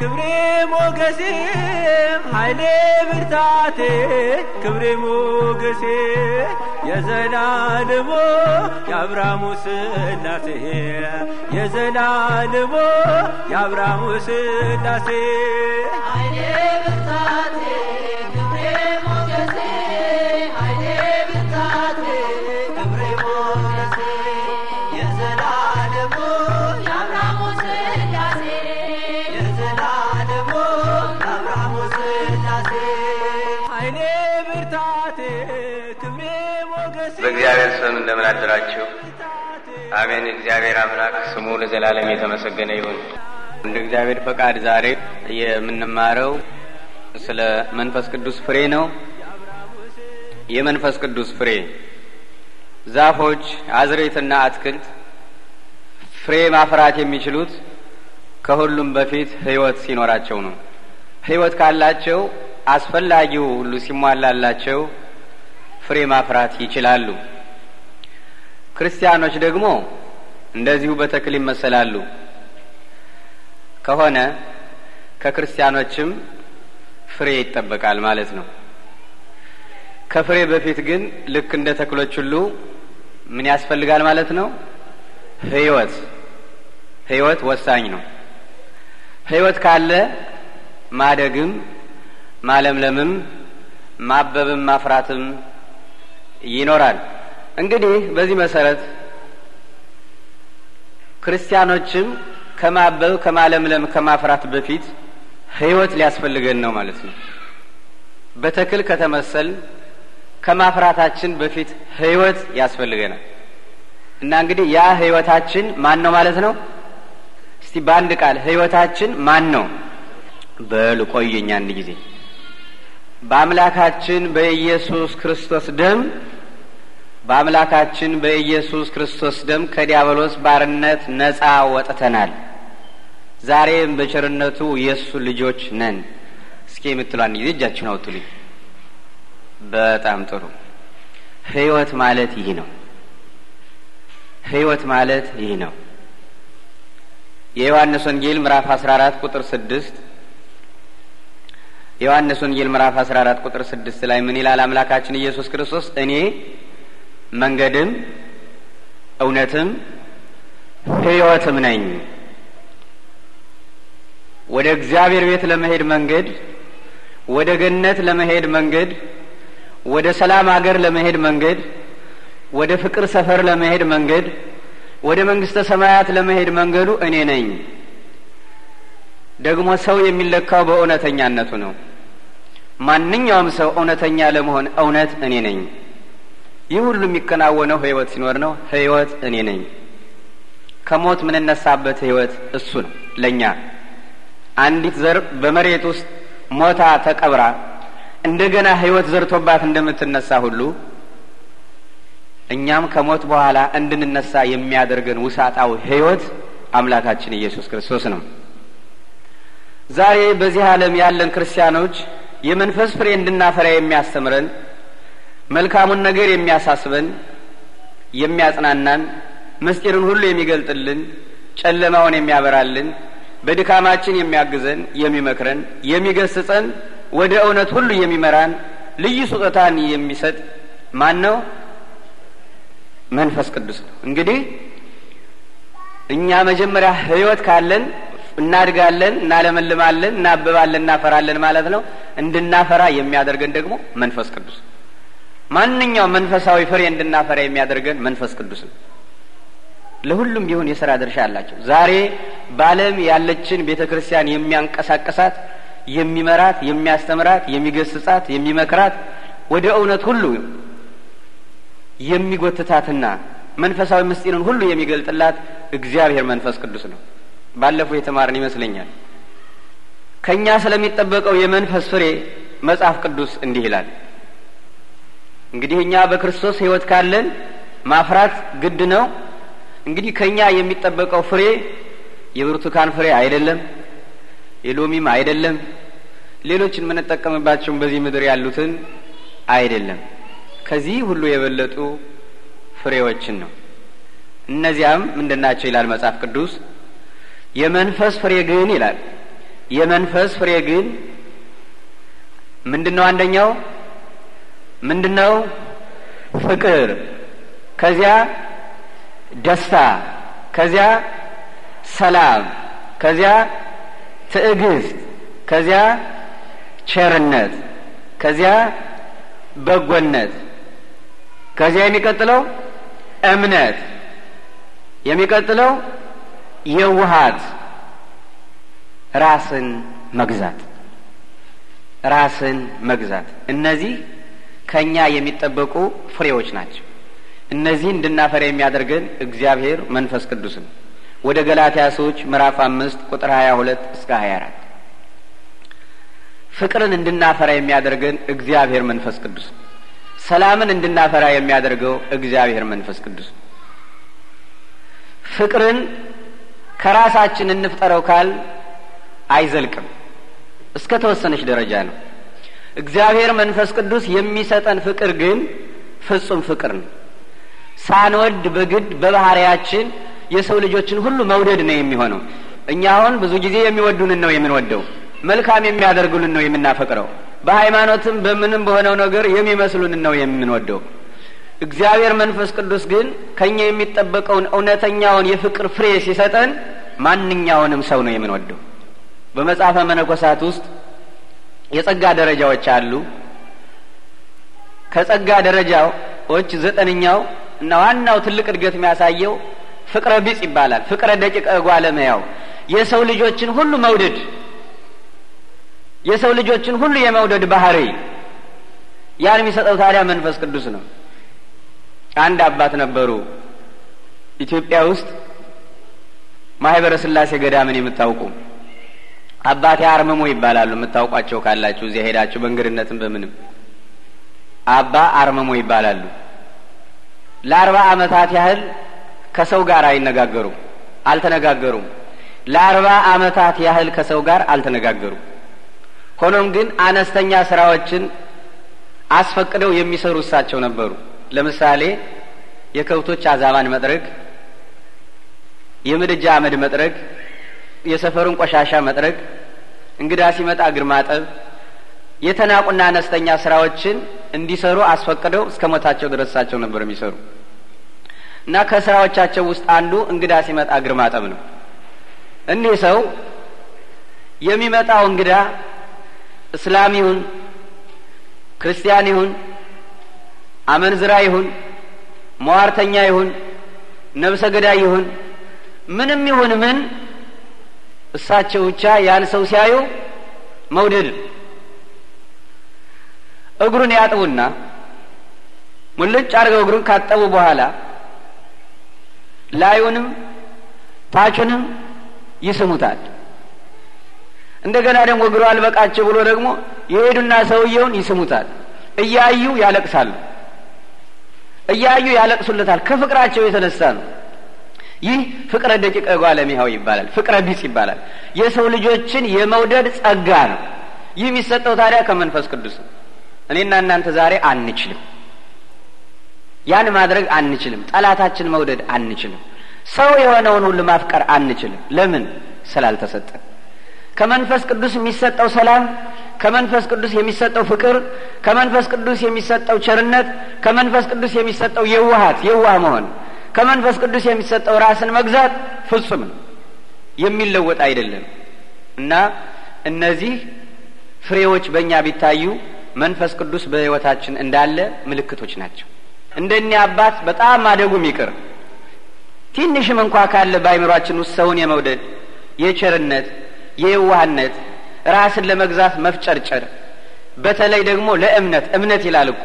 ክብሬ ሞገሴ ኃይሌ ብርታቴ ክብሬ ሞገሴ የዘላለሞ የአብርሃሙ ስላሴ የዘላለሞ የአብርሃሙ ስላሴ አደራችሁ። አሜን። እግዚአብሔር አምላክ ስሙ ለዘላለም የተመሰገነ ይሁን። እንደ እግዚአብሔር ፈቃድ ዛሬ የምንማረው ስለ መንፈስ ቅዱስ ፍሬ ነው። የመንፈስ ቅዱስ ፍሬ ዛፎች፣ አዝሬትና አትክልት ፍሬ ማፍራት የሚችሉት ከሁሉም በፊት ሕይወት ሲኖራቸው ነው። ሕይወት ካላቸው አስፈላጊው ሁሉ ሲሟላላቸው ፍሬ ማፍራት ይችላሉ። ክርስቲያኖች ደግሞ እንደዚሁ በተክል ይመሰላሉ ከሆነ ከክርስቲያኖችም ፍሬ ይጠበቃል ማለት ነው። ከፍሬ በፊት ግን ልክ እንደ ተክሎች ሁሉ ምን ያስፈልጋል ማለት ነው? ህይወት ህይወት ወሳኝ ነው። ህይወት ካለ ማደግም ማለምለምም ማበብም ማፍራትም ይኖራል። እንግዲህ በዚህ መሰረት ክርስቲያኖችም ከማበብ ከማለምለም ከማፍራት በፊት ህይወት ሊያስፈልገን ነው ማለት ነው። በተክል ከተመሰል ከማፍራታችን በፊት ህይወት ያስፈልገናል እና እንግዲህ ያ ህይወታችን ማን ነው ማለት ነው? እስቲ በአንድ ቃል ህይወታችን ማን ነው? በሉ ቆየኝ አንድ ጊዜ በአምላካችን በኢየሱስ ክርስቶስ ደም በአምላካችን በኢየሱስ ክርስቶስ ደም ከዲያብሎስ ባርነት ነጻ ወጥተናል። ዛሬም በቸርነቱ የእሱ ልጆች ነን። እስኪ የምትሏን ጊዜ እጃችሁን አውጡልኝ። በጣም ጥሩ። ህይወት ማለት ይህ ነው። ህይወት ማለት ይህ ነው። የዮሐንስ ወንጌል ምዕራፍ 14 ቁጥር 6 የዮሐንስ ወንጌል ምዕራፍ 14 ቁጥር 6 ላይ ምን ይላል? አምላካችን ኢየሱስ ክርስቶስ እኔ መንገድም እውነትም ህይወትም ነኝ። ወደ እግዚአብሔር ቤት ለመሄድ መንገድ፣ ወደ ገነት ለመሄድ መንገድ፣ ወደ ሰላም አገር ለመሄድ መንገድ፣ ወደ ፍቅር ሰፈር ለመሄድ መንገድ፣ ወደ መንግሥተ ሰማያት ለመሄድ መንገዱ እኔ ነኝ። ደግሞ ሰው የሚለካው በእውነተኛነቱ ነው። ማንኛውም ሰው እውነተኛ ለመሆን እውነት እኔ ነኝ። ይህ ሁሉ የሚከናወነው ህይወት ሲኖር ነው። ህይወት እኔ ነኝ። ከሞት የምንነሳበት ህይወት እሱ ነው ለእኛ። አንዲት ዘር በመሬት ውስጥ ሞታ ተቀብራ እንደገና ህይወት ዘርቶባት እንደምትነሳ ሁሉ እኛም ከሞት በኋላ እንድንነሳ የሚያደርገን ውሳጣዊ ህይወት አምላካችን ኢየሱስ ክርስቶስ ነው። ዛሬ በዚህ ዓለም ያለን ክርስቲያኖች የመንፈስ ፍሬ እንድናፈራ የሚያስተምረን መልካሙን ነገር የሚያሳስበን የሚያጽናናን፣ ምስጢርን ሁሉ የሚገልጥልን፣ ጨለማውን የሚያበራልን፣ በድካማችን የሚያግዘን፣ የሚመክረን፣ የሚገስጸን፣ ወደ እውነት ሁሉ የሚመራን፣ ልዩ ስጦታን የሚሰጥ ማን ነው? መንፈስ ቅዱስ ነው። እንግዲህ እኛ መጀመሪያ ህይወት ካለን እናድጋለን፣ እናለመልማለን፣ እናበባለን፣ እናፈራለን ማለት ነው። እንድናፈራ የሚያደርገን ደግሞ መንፈስ ቅዱስ ነው። ማንኛውም መንፈሳዊ ፍሬ እንድናፈራ የሚያደርገን መንፈስ ቅዱስ ነው። ለሁሉም ቢሆን የሥራ ድርሻ አላቸው። ዛሬ በዓለም ያለችን ቤተ ክርስቲያን የሚያንቀሳቀሳት፣ የሚመራት፣ የሚያስተምራት፣ የሚገስጻት፣ የሚመክራት ወደ እውነት ሁሉ የሚጎትታትና መንፈሳዊ ምስጢርን ሁሉ የሚገልጥላት እግዚአብሔር መንፈስ ቅዱስ ነው። ባለፈው የተማርን ይመስለኛል። ከእኛ ስለሚጠበቀው የመንፈስ ፍሬ መጽሐፍ ቅዱስ እንዲህ ይላል እንግዲህ እኛ በክርስቶስ ህይወት ካለን ማፍራት ግድ ነው። እንግዲህ ከእኛ የሚጠበቀው ፍሬ የብርቱካን ፍሬ አይደለም፣ የሎሚም አይደለም፣ ሌሎችን የምንጠቀምባቸውን በዚህ ምድር ያሉትን አይደለም። ከዚህ ሁሉ የበለጡ ፍሬዎችን ነው። እነዚያም ምንድናቸው ይላል መጽሐፍ ቅዱስ። የመንፈስ ፍሬ ግን ይላል የመንፈስ ፍሬ ግን ምንድን ነው? አንደኛው ምንድነው? ፍቅር፣ ከዚያ ደስታ፣ ከዚያ ሰላም፣ ከዚያ ትዕግስት፣ ከዚያ ቸርነት፣ ከዚያ በጎነት፣ ከዚያ የሚቀጥለው እምነት፣ የሚቀጥለው የውሃት ራስን መግዛት ራስን መግዛት እነዚህ ከእኛ የሚጠበቁ ፍሬዎች ናቸው። እነዚህ እንድናፈራ የሚያደርገን እግዚአብሔር መንፈስ ቅዱስ ነው። ወደ ገላትያ ሰዎች ምዕራፍ አምስት ቁጥር ሀያ ሁለት እስከ ሀያ አራት ፍቅርን እንድናፈራ የሚያደርገን እግዚአብሔር መንፈስ ቅዱስ ነው። ሰላምን እንድናፈራ የሚያደርገው እግዚአብሔር መንፈስ ቅዱስ ነው። ፍቅርን ከራሳችን እንፍጠረው ካል አይዘልቅም። እስከ ተወሰነች ደረጃ ነው። እግዚአብሔር መንፈስ ቅዱስ የሚሰጠን ፍቅር ግን ፍጹም ፍቅር ነው። ሳንወድ በግድ በባህሪያችን የሰው ልጆችን ሁሉ መውደድ ነው የሚሆነው። እኛ አሁን ብዙ ጊዜ የሚወዱንን ነው የምንወደው፣ መልካም የሚያደርጉልን ነው የምናፈቅረው፣ በሃይማኖትም በምንም በሆነው ነገር የሚመስሉንን ነው የምንወደው። እግዚአብሔር መንፈስ ቅዱስ ግን ከእኛ የሚጠበቀውን እውነተኛውን የፍቅር ፍሬ ሲሰጠን ማንኛውንም ሰው ነው የምንወደው። በመጽሐፈ መነኮሳት ውስጥ የጸጋ ደረጃዎች አሉ። ከጸጋ ደረጃዎች ዘጠነኛው እና ዋናው ትልቅ እድገት የሚያሳየው ፍቅረ ቢጽ ይባላል። ፍቅረ ደቂቀ ጓለመያው የሰው ልጆችን ሁሉ መውደድ የሰው ልጆችን ሁሉ የመውደድ ባህሪ ያን የሚሰጠው ታዲያ መንፈስ ቅዱስ ነው። አንድ አባት ነበሩ ኢትዮጵያ ውስጥ ማህበረ ስላሴ ገዳምን የምታውቁም አባቴ አርምሞ ይባላሉ። የምታውቋቸው ካላችሁ እዚያ ሄዳችሁ በእንግድነትም በምንም አባ አርምሞ ይባላሉ። ለአርባ አመታት ያህል ከሰው ጋር አይነጋገሩም፣ አልተነጋገሩም። ለአርባ አመታት ያህል ከሰው ጋር አልተነጋገሩም። ሆኖም ግን አነስተኛ ስራዎችን አስፈቅደው የሚሰሩ እሳቸው ነበሩ። ለምሳሌ የከብቶች አዛባን መጥረግ፣ የምድጃ አመድ መጥረግ፣ የሰፈሩን ቆሻሻ መጥረግ እንግዳ ሲመጣ እግር ማጠብ፣ የተናቁና አነስተኛ ስራዎችን እንዲሰሩ አስፈቅደው እስከ ሞታቸው ድረሳቸው ነበር የሚሰሩ እና ከስራዎቻቸው ውስጥ አንዱ እንግዳ ሲመጣ እግር ማጠብ ነው። እኒህ ሰው የሚመጣው እንግዳ እስላም ይሁን ክርስቲያን ይሁን አመንዝራ ይሁን ሟርተኛ ይሁን ነብሰ ገዳይ ይሁን ምንም ይሁን ምን እሳቸው ብቻ ያን ሰው ሲያዩ መውደድ እግሩን ያጥቡና ሙልጭ አድርገው እግሩን ካጠቡ በኋላ ላዩንም ታቹንም ይስሙታል። እንደገና ደግሞ እግሩ አልበቃቸው ብሎ ደግሞ የሄዱና ሰውየውን ይስሙታል። እያዩ ያለቅሳሉ። እያዩ ያለቅሱለታል። ከፍቅራቸው የተነሳ ነው። ይህ ፍቅረ ደቂቀ ጓለሚያው ይባላል። ፍቅረ ቢጽ ይባላል። የሰው ልጆችን የመውደድ ጸጋ ነው። ይህ የሚሰጠው ታዲያ ከመንፈስ ቅዱስ ነው። እኔና እናንተ ዛሬ አንችልም፣ ያን ማድረግ አንችልም። ጠላታችን መውደድ አንችልም። ሰው የሆነውን ሁሉ ማፍቀር አንችልም። ለምን? ስላልተሰጠ። ከመንፈስ ቅዱስ የሚሰጠው ሰላም፣ ከመንፈስ ቅዱስ የሚሰጠው ፍቅር፣ ከመንፈስ ቅዱስ የሚሰጠው ቸርነት፣ ከመንፈስ ቅዱስ የሚሰጠው የዋሃት የዋህ መሆን ከመንፈስ ቅዱስ የሚሰጠው ራስን መግዛት ፍጹም ነው፣ የሚለወጥ አይደለም እና እነዚህ ፍሬዎች በእኛ ቢታዩ መንፈስ ቅዱስ በሕይወታችን እንዳለ ምልክቶች ናቸው። እንደኔ አባት በጣም ማደጉም ይቅር ትንሽም እንኳ ካለ በአይምሯችን ውስጥ ሰውን የመውደድ የቸርነት፣ የየዋህነት፣ ራስን ለመግዛት መፍጨርጨር፣ በተለይ ደግሞ ለእምነት እምነት ይላል እኮ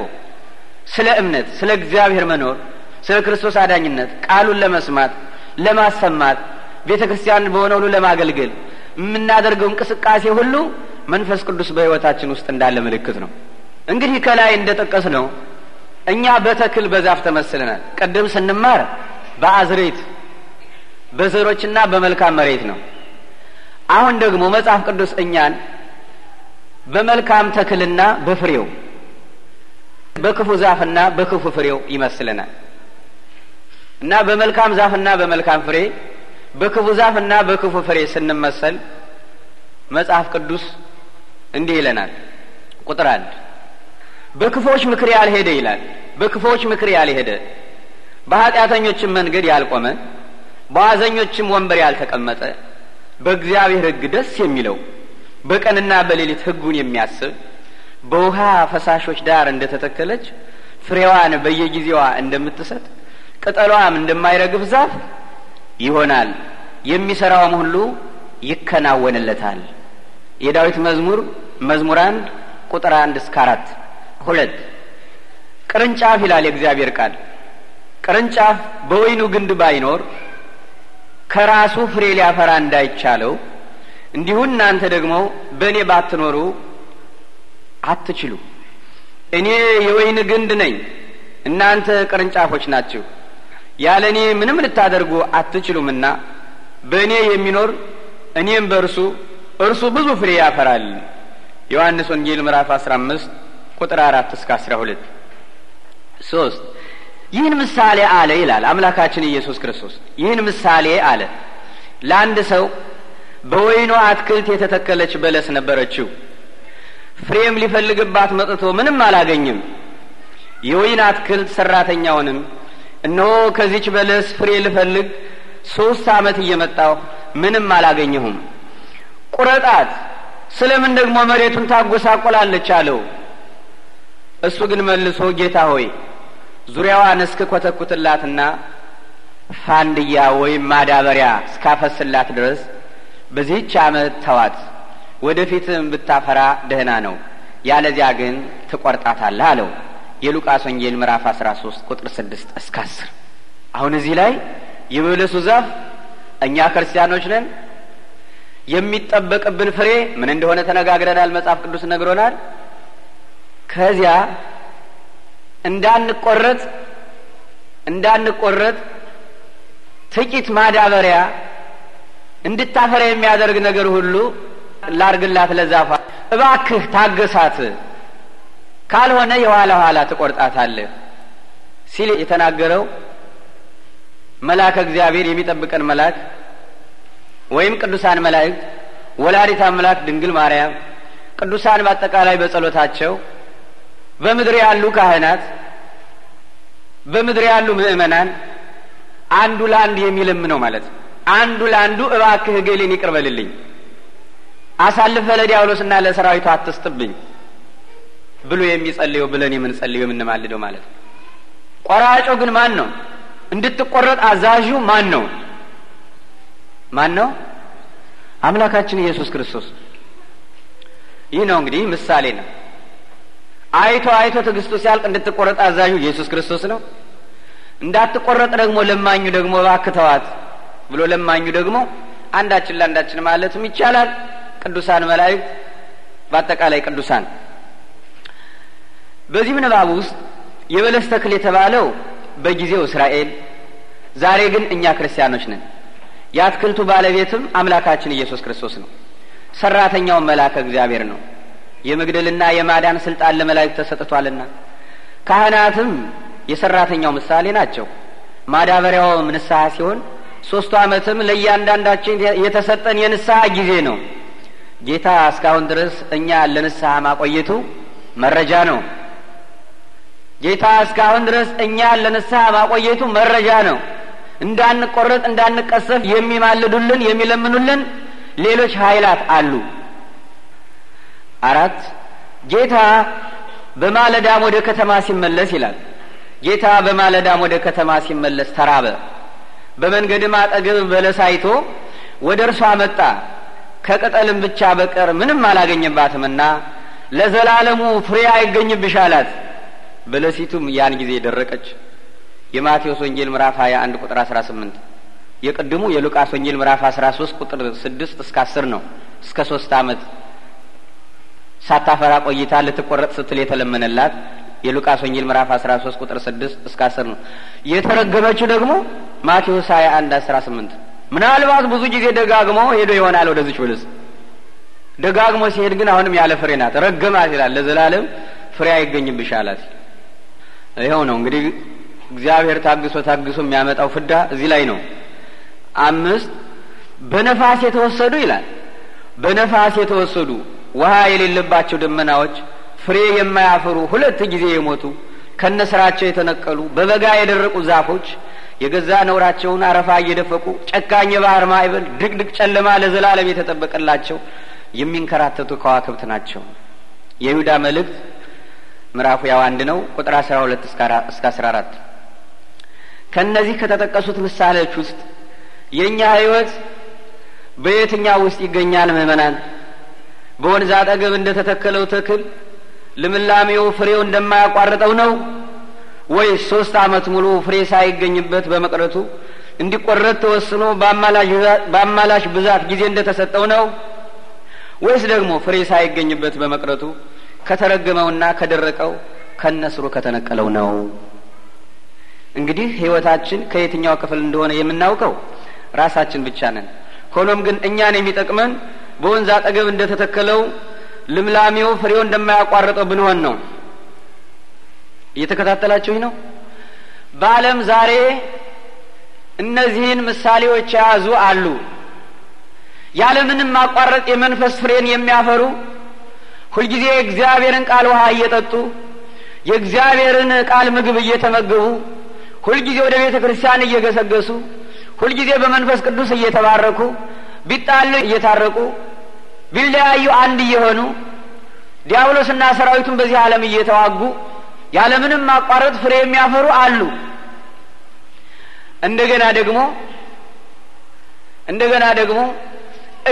ስለ እምነት ስለ እግዚአብሔር መኖር ስለ ክርስቶስ አዳኝነት ቃሉን ለመስማት ለማሰማት ቤተ ክርስቲያን በሆነ ሁሉ ለማገልገል የምናደርገው እንቅስቃሴ ሁሉ መንፈስ ቅዱስ በሕይወታችን ውስጥ እንዳለ ምልክት ነው። እንግዲህ ከላይ ጠቀስ ነው እኛ በተክል በዛፍ ተመስለናል። ቅድም ስንማር በአዝሬት በዘሮችና በመልካም መሬት ነው። አሁን ደግሞ መጽሐፍ ቅዱስ እኛን በመልካም ተክልና በፍሬው በክፉ ዛፍና በክፉ ፍሬው ይመስለናል። እና በመልካም ዛፍና በመልካም ፍሬ በክፉ ዛፍና በክፉ ፍሬ ስንመሰል መጽሐፍ ቅዱስ እንዲህ ይለናል። ቁጥር አንድ በክፎች ምክር ያልሄደ ይላል። በክፎች ምክር ያልሄደ በኃጢአተኞችም መንገድ ያልቆመ በዋዘኞችም ወንበር ያልተቀመጠ በእግዚአብሔር ሕግ ደስ የሚለው በቀንና በሌሊት ሕጉን የሚያስብ በውሃ ፈሳሾች ዳር እንደተተከለች ፍሬዋን በየጊዜዋ እንደምትሰጥ ቅጠሏም እንደማይረግፍ ዛፍ ይሆናል፣ የሚሰራውም ሁሉ ይከናወንለታል። የዳዊት መዝሙር መዝሙር አንድ ቁጥር አንድ እስከ አራት ሁለት ቅርንጫፍ ይላል የእግዚአብሔር ቃል። ቅርንጫፍ በወይኑ ግንድ ባይኖር ከራሱ ፍሬ ሊያፈራ እንዳይቻለው እንዲሁ እናንተ ደግሞ በእኔ ባትኖሩ አትችሉ። እኔ የወይን ግንድ ነኝ፣ እናንተ ቅርንጫፎች ናችሁ። ያለ እኔ ምንም ልታደርጉ አትችሉምና በእኔ የሚኖር እኔም በእርሱ እርሱ ብዙ ፍሬ ያፈራል። ዮሐንስ ወንጌል ምዕራፍ 15 ቁጥር 4 እስከ 12 ሶስት ይህን ምሳሌ አለ ይላል አምላካችን ኢየሱስ ክርስቶስ። ይህን ምሳሌ አለ ለአንድ ሰው በወይኗ አትክልት የተተከለች በለስ ነበረችው። ፍሬም ሊፈልግባት መጥቶ ምንም አላገኝም። የወይን አትክልት ሰራተኛውንም እነሆ ከዚች በለስ ፍሬ ልፈልግ ሶስት ዓመት እየመጣሁ ምንም አላገኘሁም። ቁረጣት፣ ስለምን ደግሞ መሬቱን ታጎሳቆላለች አለው። እሱ ግን መልሶ ጌታ ሆይ ዙሪያዋን እስክ ኮተኩትላትና ፋንድያ ወይም ማዳበሪያ እስካፈስላት ድረስ በዚህች ዓመት ተዋት፣ ወደፊትም ብታፈራ ደህና ነው፣ ያለዚያ ግን ትቆርጣታለህ አለው። የሉቃስ ወንጌል ምዕራፍ 13 ቁጥር 6 እስከ 10። አሁን እዚህ ላይ የበለሱ ዛፍ እኛ ክርስቲያኖች ነን የሚጠበቅብን ፍሬ ምን እንደሆነ ተነጋግረናል። መጽሐፍ ቅዱስ ነግሮናል። ከዚያ እንዳንቆረጥ እንዳንቆረጥ ጥቂት ማዳበሪያ እንድታፈራ የሚያደርግ ነገር ሁሉ ላርግላት ለዛፋ እባክህ ታገሳት ካልሆነ የኋላ ኋላ ትቆርጣታለህ ሲል የተናገረው መልአከ እግዚአብሔር የሚጠብቀን መልአክ ወይም ቅዱሳን መላእክት፣ ወላዲት አምላክ ድንግል ማርያም፣ ቅዱሳን በአጠቃላይ በጸሎታቸው፣ በምድር ያሉ ካህናት፣ በምድር ያሉ ምእመናን አንዱ የሚለም ነው ማለት ነው። አንዱ ለአንዱ እባክህ ገሌን ይቅርበልልኝ አሳልፈ ለዲያብሎስና ለሰራዊቱ አትስጥብኝ ብሎ የሚጸልየው ብለን የምንጸልየው የምንማልደው ማለት ነው። ቆራጮ ግን ማን ነው? እንድትቆረጥ አዛዡ ማን ነው? ማን ነው? አምላካችን ኢየሱስ ክርስቶስ። ይህ ነው እንግዲህ ምሳሌ ነው። አይቶ አይቶ ትግስቱ ሲያልቅ እንድትቆረጥ አዛዡ ኢየሱስ ክርስቶስ ነው። እንዳትቆረጥ ደግሞ ለማኙ ደግሞ ባክተዋት ብሎ ለማኙ ደግሞ አንዳችን ለአንዳችን ማለትም ይቻላል ቅዱሳን መላእክት፣ በአጠቃላይ ቅዱሳን በዚህም ምንባብ ውስጥ የበለስ ተክል የተባለው በጊዜው እስራኤል፣ ዛሬ ግን እኛ ክርስቲያኖች ነን። የአትክልቱ ባለቤትም አምላካችን ኢየሱስ ክርስቶስ ነው። ሰራተኛውን መልአከ እግዚአብሔር ነው። የመግደልና የማዳን ስልጣን ለመላእክት ተሰጥቷልና ካህናትም የሰራተኛው ምሳሌ ናቸው። ማዳበሪያውም ንስሐ ሲሆን ሶስቱ ዓመትም ለእያንዳንዳችን የተሰጠን የንስሐ ጊዜ ነው። ጌታ እስካሁን ድረስ እኛ ለንስሐ ማቆየቱ መረጃ ነው። ጌታ እስካሁን ድረስ እኛን ለንስሐ ማቆየቱ መረጃ ነው። እንዳንቆረጥ እንዳንቀሰፍ የሚማልዱልን የሚለምኑልን ሌሎች ኃይላት አሉ። አራት ጌታ በማለዳም ወደ ከተማ ሲመለስ ይላል። ጌታ በማለዳም ወደ ከተማ ሲመለስ ተራበ። በመንገድም አጠገብ በለሳይቶ አይቶ ወደ እርሷ መጣ። ከቅጠልም ብቻ በቀር ምንም አላገኝባትምና ለዘላለሙ ፍሬ አይገኝብሻላት። አላት። በለሲቱም ያን ጊዜ ደረቀች። የማቴዎስ ወንጌል ምዕራፍ 21 ቁጥር 18 የቅድሙ የሉቃስ ወንጌል ምዕራፍ 13 ቁጥር 6 እስከ 10 ነው። እስከ 3 ዓመት ሳታፈራ ቆይታ ልትቆረጥ ስትል የተለመነላት የሉቃስ ወንጌል ምዕራፍ 13 ቁጥር 6 እስከ 10 ነው። የተረገመችው ደግሞ ማቴዎስ 21 18 ምናልባት ብዙ ጊዜ ደጋግሞ ሄዶ ይሆናል ወደዚች ብልስ ደጋግሞ ሲሄድ ግን አሁንም ያለ ፍሬ ናት። ረገማት ይላል ለዘላለም ፍሬ አይገኝብሽ አላት። ይኸው ነው እንግዲህ እግዚአብሔር ታግሶ ታግሶ የሚያመጣው ፍዳ እዚህ ላይ ነው። አምስት በነፋስ የተወሰዱ ይላል። በነፋስ የተወሰዱ ውሃ የሌለባቸው ደመናዎች፣ ፍሬ የማያፈሩ ሁለት ጊዜ የሞቱ ከነስራቸው የተነቀሉ በበጋ የደረቁ ዛፎች የገዛ ነውራቸውን አረፋ እየደፈቁ ጨካኝ የባህር ማይበል ድቅድቅ ጨለማ ለዘላለም የተጠበቀላቸው የሚንከራተቱ ከዋክብት ናቸው። የይሁዳ መልእክት ምዕራፉ ያው አንድ ነው ቁጥር አስራ ሁለት እስከ አስራ አራት ከእነዚህ ከተጠቀሱት ምሳሌዎች ውስጥ የእኛ ህይወት በየትኛው ውስጥ ይገኛል? ምእመናን በወንዝ አጠገብ እንደ ተተከለው ተክል ልምላሜው ፍሬው እንደማያቋርጠው ነው ወይስ ሶስት አመት ሙሉ ፍሬ ሳይገኝበት በመቅረቱ እንዲቆረጥ ተወስኖ በአማላሽ ብዛት ጊዜ እንደተሰጠው ነው ወይስ ደግሞ ፍሬ ሳይገኝበት በመቅረቱ ከተረገመውና ከደረቀው ከነስሩ ከተነቀለው ነው። እንግዲህ ህይወታችን ከየትኛው ክፍል እንደሆነ የምናውቀው ራሳችን ብቻ ነን። ሆኖም ግን እኛን የሚጠቅመን በወንዝ አጠገብ እንደተተከለው ልምላሜው ፍሬው እንደማያቋርጠው ብንሆን ነው። እየተከታተላችሁኝ ነው? በአለም ዛሬ እነዚህን ምሳሌዎች የያዙ አሉ። ያለምንም ማቋረጥ የመንፈስ ፍሬን የሚያፈሩ ሁልጊዜ የእግዚአብሔርን ቃል ውሃ እየጠጡ የእግዚአብሔርን ቃል ምግብ እየተመገቡ ሁልጊዜ ወደ ቤተ ክርስቲያን እየገሰገሱ ሁልጊዜ በመንፈስ ቅዱስ እየተባረኩ ቢጣሉ እየታረቁ ቢለያዩ አንድ እየሆኑ ዲያብሎስና ሰራዊቱን በዚህ ዓለም እየተዋጉ ያለምንም ማቋረጥ ፍሬ የሚያፈሩ አሉ። እንደገና ደግሞ እንደገና ደግሞ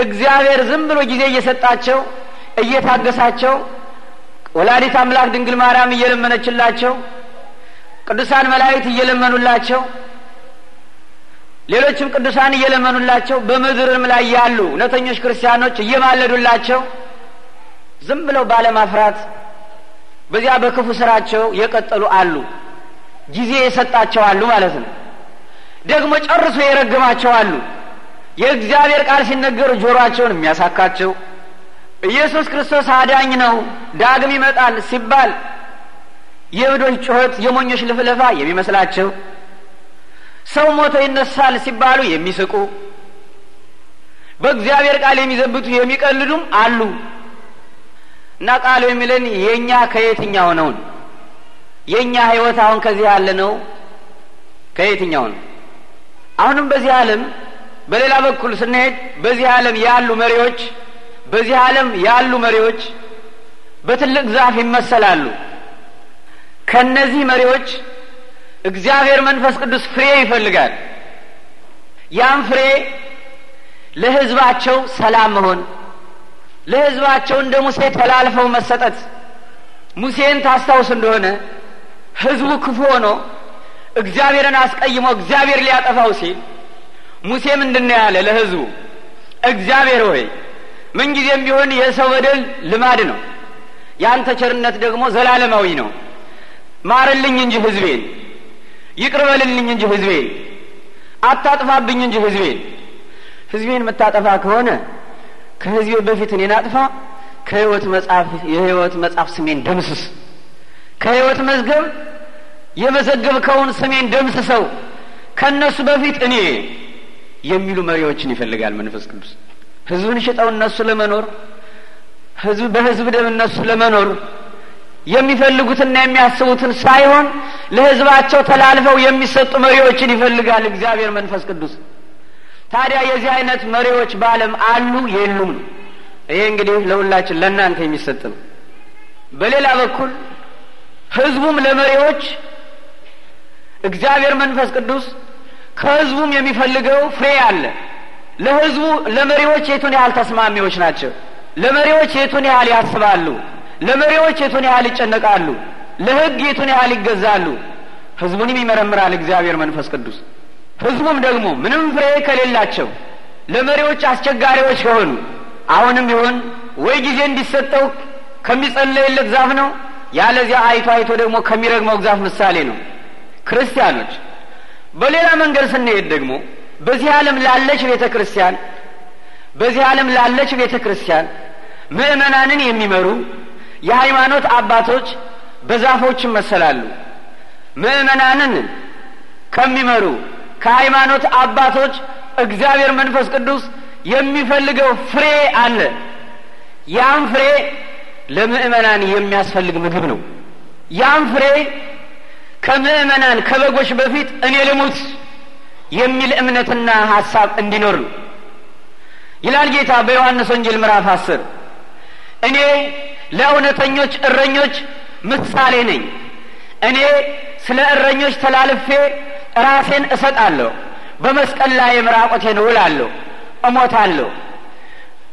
እግዚአብሔር ዝም ብሎ ጊዜ እየሰጣቸው እየታገሳቸው ወላዲት አምላክ ድንግል ማርያም እየለመነችላቸው ቅዱሳን መላእክት እየለመኑላቸው ሌሎችም ቅዱሳን እየለመኑላቸው በምድርም ላይ ያሉ እውነተኞች ክርስቲያኖች እየማለዱላቸው ዝም ብለው ባለማፍራት በዚያ በክፉ ስራቸው የቀጠሉ አሉ። ጊዜ የሰጣቸው አሉ ማለት ነው። ደግሞ ጨርሶ የረግማቸው አሉ። የእግዚአብሔር ቃል ሲነገሩ ጆሮአቸውን የሚያሳካቸው ኢየሱስ ክርስቶስ አዳኝ ነው ዳግም ይመጣል ሲባል የእብዶች ጩኸት፣ የሞኞች ልፍለፋ የሚመስላቸው ሰው ሞቶ ይነሳል ሲባሉ የሚስቁ በእግዚአብሔር ቃል የሚዘብቱ የሚቀልዱም አሉ እና ቃሉ የሚለን የእኛ ከየትኛው ነውን? የእኛ ህይወት አሁን ከዚህ ያለ ነው ከየትኛው ነው? አሁንም በዚህ ዓለም በሌላ በኩል ስንሄድ በዚህ ዓለም ያሉ መሪዎች በዚህ ዓለም ያሉ መሪዎች በትልቅ ዛፍ ይመሰላሉ። ከነዚህ መሪዎች እግዚአብሔር መንፈስ ቅዱስ ፍሬ ይፈልጋል። ያም ፍሬ ለህዝባቸው ሰላም መሆን፣ ለህዝባቸው እንደ ሙሴ ተላልፈው መሰጠት። ሙሴን ታስታውስ እንደሆነ ህዝቡ ክፉ ሆኖ እግዚአብሔርን አስቀይሞ እግዚአብሔር ሊያጠፋው ሲል ሙሴ ምንድን ያለ ለህዝቡ? እግዚአብሔር ሆይ ምንጊዜም ቢሆን የሰው በደል ልማድ ነው። ያንተ ቸርነት ደግሞ ዘላለማዊ ነው። ማርልኝ እንጂ ህዝቤን ይቅርበልልኝ እንጂ ህዝቤን አታጥፋብኝ እንጂ ህዝቤን ህዝቤን የምታጠፋ ከሆነ ከህዝቤ በፊት እኔን አጥፋ። ከህይወት መጽሐፍ የህይወት መጽሐፍ ስሜን ደምስስ። ከህይወት መዝገብ የመዘገብከውን ስሜን ደምስሰው። ከእነሱ በፊት እኔ የሚሉ መሪዎችን ይፈልጋል መንፈስ ቅዱስ። ህዝብን ሽጠው እነሱ ለመኖር ህዝብ በህዝብ ደም እነሱ ለመኖር የሚፈልጉትና የሚያስቡትን ሳይሆን ለህዝባቸው ተላልፈው የሚሰጡ መሪዎችን ይፈልጋል እግዚአብሔር መንፈስ ቅዱስ። ታዲያ የዚህ አይነት መሪዎች በአለም አሉ የሉም ነው? ይሄ እንግዲህ ለሁላችን ለእናንተ የሚሰጥ ነው። በሌላ በኩል ህዝቡም ለመሪዎች እግዚአብሔር መንፈስ ቅዱስ ከህዝቡም የሚፈልገው ፍሬ አለ። ለህዝቡ ለመሪዎች የቱን ያህል ተስማሚዎች ናቸው? ለመሪዎች የቱን ያህል ያስባሉ? ለመሪዎች የቱን ያህል ይጨነቃሉ? ለህግ የቱን ያህል ይገዛሉ? ህዝቡንም ይመረምራል እግዚአብሔር መንፈስ ቅዱስ። ህዝቡም ደግሞ ምንም ፍሬ ከሌላቸው ለመሪዎች አስቸጋሪዎች ከሆኑ አሁንም ቢሆን ወይ ጊዜ እንዲሰጠው ከሚጸለይለት ዛፍ ነው፣ ያለዚያ አይቶ አይቶ ደግሞ ከሚረግመው ዛፍ ምሳሌ ነው። ክርስቲያኖች በሌላ መንገድ ስንሄድ ደግሞ በዚህ ዓለም ላለች ቤተ ክርስቲያን በዚህ ዓለም ላለች ቤተ ክርስቲያን ምእመናንን የሚመሩ የሃይማኖት አባቶች በዛፎች ይመሰላሉ። ምእመናንን ከሚመሩ ከሃይማኖት አባቶች እግዚአብሔር መንፈስ ቅዱስ የሚፈልገው ፍሬ አለ። ያም ፍሬ ለምእመናን የሚያስፈልግ ምግብ ነው። ያም ፍሬ ከምእመናን ከበጎች በፊት እኔ ልሙት የሚል እምነትና ሀሳብ እንዲኖር ነው ይላል ጌታ በዮሐንስ ወንጌል ምዕራፍ አስር እኔ ለእውነተኞች እረኞች ምሳሌ ነኝ። እኔ ስለ እረኞች ተላልፌ ራሴን እሰጣለሁ፣ በመስቀል ላይ የምራቆቴን እውላለሁ፣ እሞታለሁ።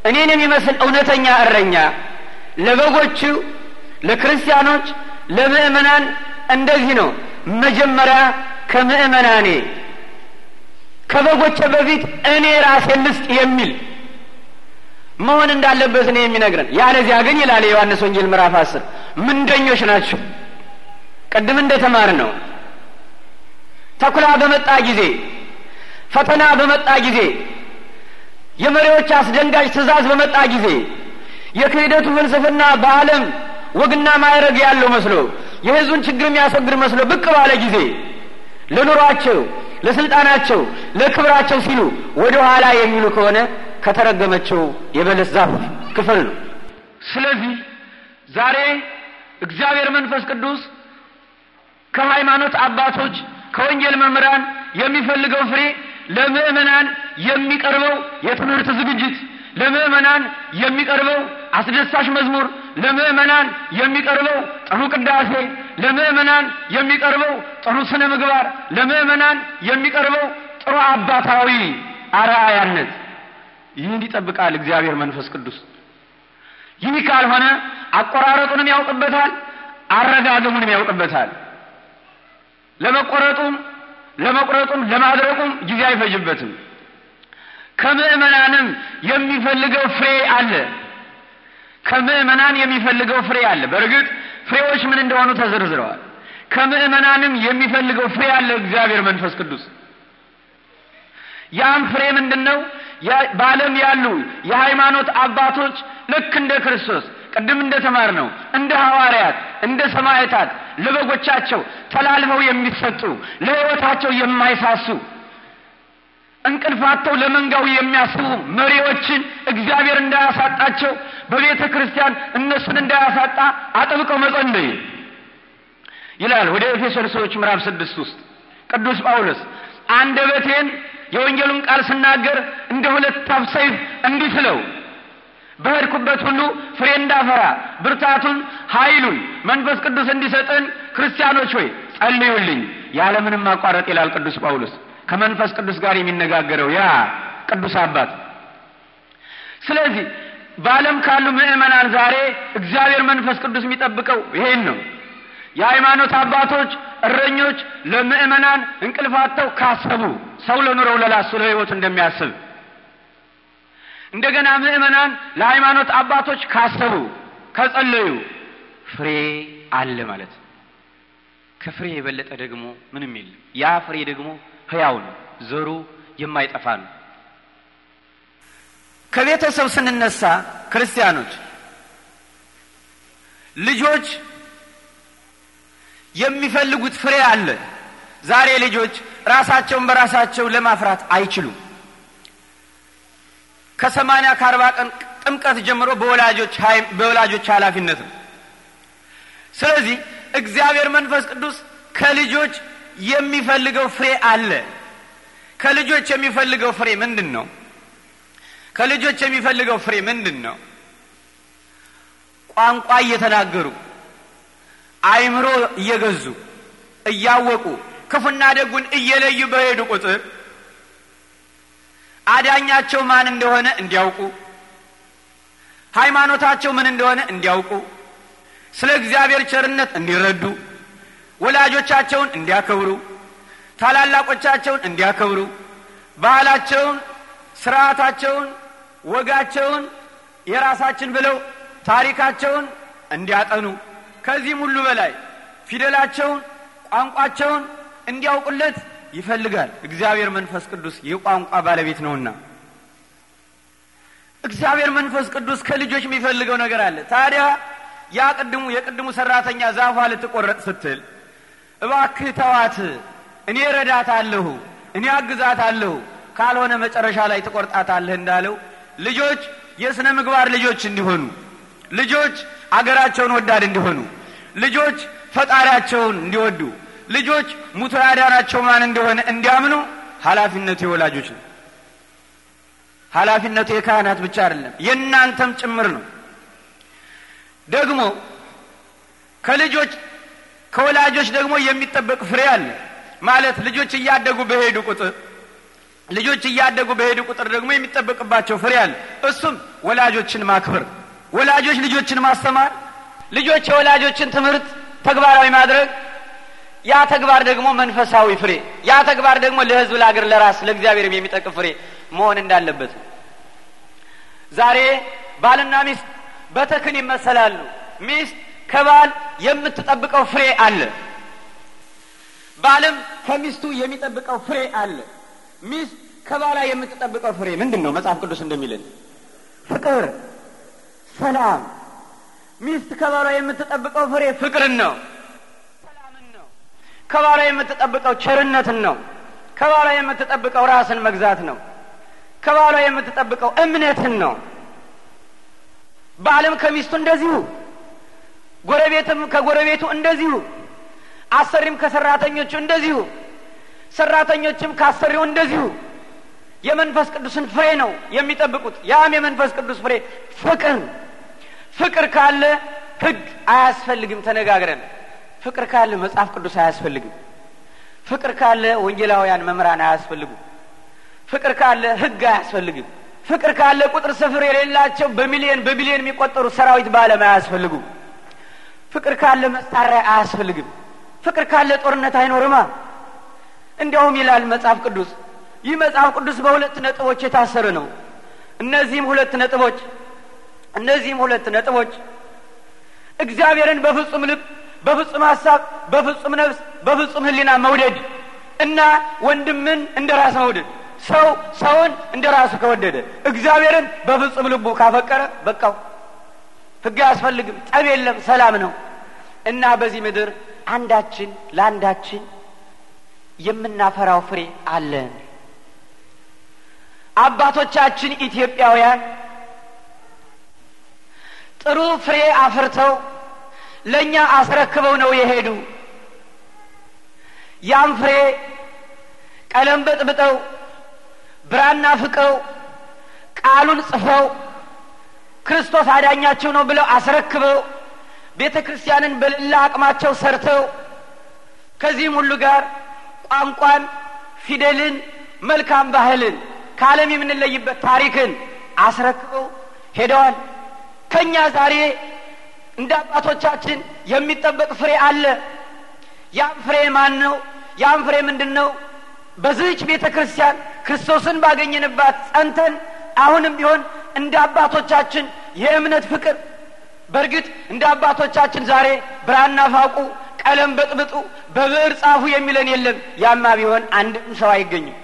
እኔን የሚመስል እውነተኛ እረኛ ለበጎቹ፣ ለክርስቲያኖች፣ ለምእመናን እንደዚህ ነው። መጀመሪያ ከምእመናኔ ከበጎቼ በፊት እኔ ራሴ ልስጥ የሚል መሆን እንዳለበት ነው የሚነግረን። ያለዚያ ግን ይላል የዮሐንስ ወንጌል ምዕራፍ አስር ምንደኞች ናቸው። ቅድም እንደ ተማር ነው ተኩላ በመጣ ጊዜ፣ ፈተና በመጣ ጊዜ፣ የመሪዎች አስደንጋጭ ትእዛዝ በመጣ ጊዜ የክህደቱ ፍልስፍና በዓለም ወግና ማዕረግ ያለው መስሎ የህዝቡን ችግር የሚያስወግድ መስሎ ብቅ ባለ ጊዜ ለኑሯቸው ለስልጣናቸው ለክብራቸው ሲሉ ወደ ኋላ የሚሉ ከሆነ ከተረገመቸው የበለስ ዛፍ ክፍል ነው። ስለዚህ ዛሬ እግዚአብሔር መንፈስ ቅዱስ ከሃይማኖት አባቶች ከወንጌል መምህራን የሚፈልገው ፍሬ ለምዕመናን የሚቀርበው የትምህርት ዝግጅት፣ ለምዕመናን የሚቀርበው አስደሳች መዝሙር ለምእመናን የሚቀርበው ጥሩ ቅዳሴ፣ ለምእመናን የሚቀርበው ጥሩ ስነ ምግባር፣ ለምእመናን የሚቀርበው ጥሩ አባታዊ አርአያነት ይህን ይጠብቃል እግዚአብሔር መንፈስ ቅዱስ። ይህ ካልሆነ አቆራረጡንም ያውቅበታል፣ አረጋገሙንም ያውቅበታል። ለመቆረጡም ለመቁረጡም ለማድረቁም ጊዜ አይፈጅበትም። ከምእመናንም የሚፈልገው ፍሬ አለ። ከምዕመናን የሚፈልገው ፍሬ አለ። በእርግጥ ፍሬዎች ምን እንደሆኑ ተዘርዝረዋል። ከምዕመናንም የሚፈልገው ፍሬ አለ እግዚአብሔር መንፈስ ቅዱስ። ያም ፍሬ ምንድን ነው? በዓለም ያሉ የሃይማኖት አባቶች ልክ እንደ ክርስቶስ ቅድም እንደ ተማር ነው እንደ ሐዋርያት እንደ ሰማዕታት ለበጎቻቸው ተላልፈው የሚሰጡ ለሕይወታቸው የማይሳሱ እንቅልፋቸው ለመንጋው የሚያስቡ መሪዎችን እግዚአብሔር እንዳያሳጣቸው በቤተ ክርስቲያን እነሱን እንዳያሳጣ አጥብቀው መጸለይ ይላል። ወደ ኤፌሶን ሰዎች ምዕራፍ ስድስት ውስጥ ቅዱስ ጳውሎስ በቴን የወንጌሉን ቃል ስናገር እንደ ሁለት አፍ እንዲስለው በሄድኩበት ሁሉ ፍሬ እንዳፈራ ብርታቱን፣ ኃይሉን መንፈስ ቅዱስ እንዲሰጠን ክርስቲያኖች ሆይ ጸልዩልኝ ያለምንም ማቋረጥ ይላል ቅዱስ ጳውሎስ። ከመንፈስ ቅዱስ ጋር የሚነጋገረው ያ ቅዱስ አባት። ስለዚህ በዓለም ካሉ ምዕመናን ዛሬ እግዚአብሔር መንፈስ ቅዱስ የሚጠብቀው ይሄን ነው። የሃይማኖት አባቶች እረኞች ለምዕመናን እንቅልፋተው ካሰቡ ሰው ለኑረው ለላሱ ለህይወት እንደሚያስብ እንደገና ምዕመናን ለሃይማኖት አባቶች ካሰቡ ከጸለዩ ፍሬ አለ ማለት። ከፍሬ የበለጠ ደግሞ ምንም የለም። ያ ፍሬ ደግሞ ህያው ነው፣ ዘሩ የማይጠፋ ነው። ከቤተሰብ ስንነሳ ክርስቲያኖች ልጆች የሚፈልጉት ፍሬ አለ። ዛሬ ልጆች ራሳቸውን በራሳቸው ለማፍራት አይችሉም። ከሰማንያ ከአርባ ቀን ጥምቀት ጀምሮ በወላጆች ኃላፊነት ነው። ስለዚህ እግዚአብሔር መንፈስ ቅዱስ ከልጆች የሚፈልገው ፍሬ አለ። ከልጆች የሚፈልገው ፍሬ ምንድን ነው? ከልጆች የሚፈልገው ፍሬ ምንድን ነው? ቋንቋ እየተናገሩ አይምሮ እየገዙ እያወቁ ክፉና ደጉን እየለዩ በሄዱ ቁጥር አዳኛቸው ማን እንደሆነ እንዲያውቁ፣ ሃይማኖታቸው ምን እንደሆነ እንዲያውቁ፣ ስለ እግዚአብሔር ቸርነት እንዲረዱ ወላጆቻቸውን እንዲያከብሩ፣ ታላላቆቻቸውን እንዲያከብሩ፣ ባህላቸውን፣ ስርዓታቸውን፣ ወጋቸውን የራሳችን ብለው ታሪካቸውን እንዲያጠኑ ከዚህም ሁሉ በላይ ፊደላቸውን፣ ቋንቋቸውን እንዲያውቁለት ይፈልጋል። እግዚአብሔር መንፈስ ቅዱስ የቋንቋ ባለቤት ነውና እግዚአብሔር መንፈስ ቅዱስ ከልጆች የሚፈልገው ነገር አለ። ታዲያ ያ ቅድሙ የቅድሙ ሰራተኛ ዛፏ ልትቆረጥ ስትል እባክህ ተዋት፣ እኔ ረዳታለሁ፣ እኔ አግዛታለሁ፣ ካልሆነ መጨረሻ ላይ ትቆርጣታለህ እንዳለው ልጆች የሥነ ምግባር ልጆች እንዲሆኑ፣ ልጆች አገራቸውን ወዳድ እንዲሆኑ፣ ልጆች ፈጣሪያቸውን እንዲወዱ፣ ልጆች ሙቶ ያዳናቸው ማን እንደሆነ እንዲያምኑ ኃላፊነቱ የወላጆች ነው። ኃላፊነቱ የካህናት ብቻ አይደለም፣ የእናንተም ጭምር ነው። ደግሞ ከልጆች ከወላጆች ደግሞ የሚጠበቅ ፍሬ አለ ማለት ልጆች እያደጉ በሄዱ ቁጥር ልጆች እያደጉ በሄዱ ቁጥር ደግሞ የሚጠበቅባቸው ፍሬ አለ። እሱም ወላጆችን ማክበር፣ ወላጆች ልጆችን ማስተማር፣ ልጆች የወላጆችን ትምህርት ተግባራዊ ማድረግ፣ ያ ተግባር ደግሞ መንፈሳዊ ፍሬ፣ ያ ተግባር ደግሞ ለህዝብ ለአገር፣ ለራስ፣ ለእግዚአብሔርም የሚጠቅም ፍሬ መሆን እንዳለበት ዛሬ ባልና ሚስት በተክን ይመሰላሉ። ሚስት ከባል የምትጠብቀው ፍሬ አለ። ባልም ከሚስቱ የሚጠብቀው ፍሬ አለ። ሚስት ከባላ የምትጠብቀው ፍሬ ምንድን ነው? መጽሐፍ ቅዱስ እንደሚልን ፍቅር፣ ሰላም። ሚስት ከባሏ የምትጠብቀው ፍሬ ፍቅርን ነው፣ ሰላምን ነው። ከባሏ የምትጠብቀው ቸርነትን ነው። ከባሏ የምትጠብቀው ራስን መግዛት ነው። ከባሏ የምትጠብቀው እምነትን ነው። ባልም ከሚስቱ እንደዚሁ ጎረቤትም ከጎረቤቱ እንደዚሁ፣ አሰሪም ከሰራተኞቹ እንደዚሁ፣ ሰራተኞችም ከአሰሪው እንደዚሁ። የመንፈስ ቅዱስን ፍሬ ነው የሚጠብቁት። ያም የመንፈስ ቅዱስ ፍሬ ፍቅር። ፍቅር ካለ ህግ አያስፈልግም። ተነጋግረን ፍቅር ካለ መጽሐፍ ቅዱስ አያስፈልግም። ፍቅር ካለ ወንጌላውያን መምህራን አያስፈልጉም። ፍቅር ካለ ህግ አያስፈልግም። ፍቅር ካለ ቁጥር ስፍር የሌላቸው በሚሊዮን በቢሊዮን የሚቆጠሩ ሰራዊት ባለም አያስፈልጉም። ፍቅር ካለ መሳሪያ አያስፈልግም። ፍቅር ካለ ጦርነት አይኖርማ። እንዲያውም ይላል መጽሐፍ ቅዱስ። ይህ መጽሐፍ ቅዱስ በሁለት ነጥቦች የታሰረ ነው። እነዚህም ሁለት ነጥቦች እነዚህም ሁለት ነጥቦች እግዚአብሔርን በፍጹም ልብ፣ በፍጹም ሀሳብ፣ በፍጹም ነፍስ፣ በፍጹም ህሊና መውደድ እና ወንድምን እንደ ራስ መውደድ ሰው ሰውን እንደ ራሱ ከወደደ እግዚአብሔርን በፍጹም ልቡ ካፈቀረ በቃው። ህግ አያስፈልግም፣ ጠብ የለም፣ ሰላም ነው እና በዚህ ምድር አንዳችን ለአንዳችን የምናፈራው ፍሬ አለን። አባቶቻችን ኢትዮጵያውያን ጥሩ ፍሬ አፍርተው ለእኛ አስረክበው ነው የሄዱ። ያም ፍሬ ቀለም በጥብጠው ብራና ፍቀው ቃሉን ጽፈው ክርስቶስ አዳኛቸው ነው ብለው አስረክበው ቤተ ክርስቲያንን በልላ አቅማቸው ሰርተው ከዚህም ሁሉ ጋር ቋንቋን፣ ፊደልን፣ መልካም ባህልን ከዓለም የምንለይበት ታሪክን አስረክበው ሄደዋል። ከእኛ ዛሬ እንደ አባቶቻችን የሚጠበቅ ፍሬ አለ። ያም ፍሬ ማን ነው? ያም ፍሬ ምንድን ነው? በዚህች ቤተ ክርስቲያን ክርስቶስን ባገኘንባት ጸንተን አሁንም ቢሆን እንደ አባቶቻችን የእምነት ፍቅር በእርግጥ እንደ አባቶቻችን ዛሬ ብራና ፋቁ ቀለም በጥብጡ በብዕር ጻፉ የሚለን የለም። ያማ ቢሆን አንድም ሰው አይገኝም።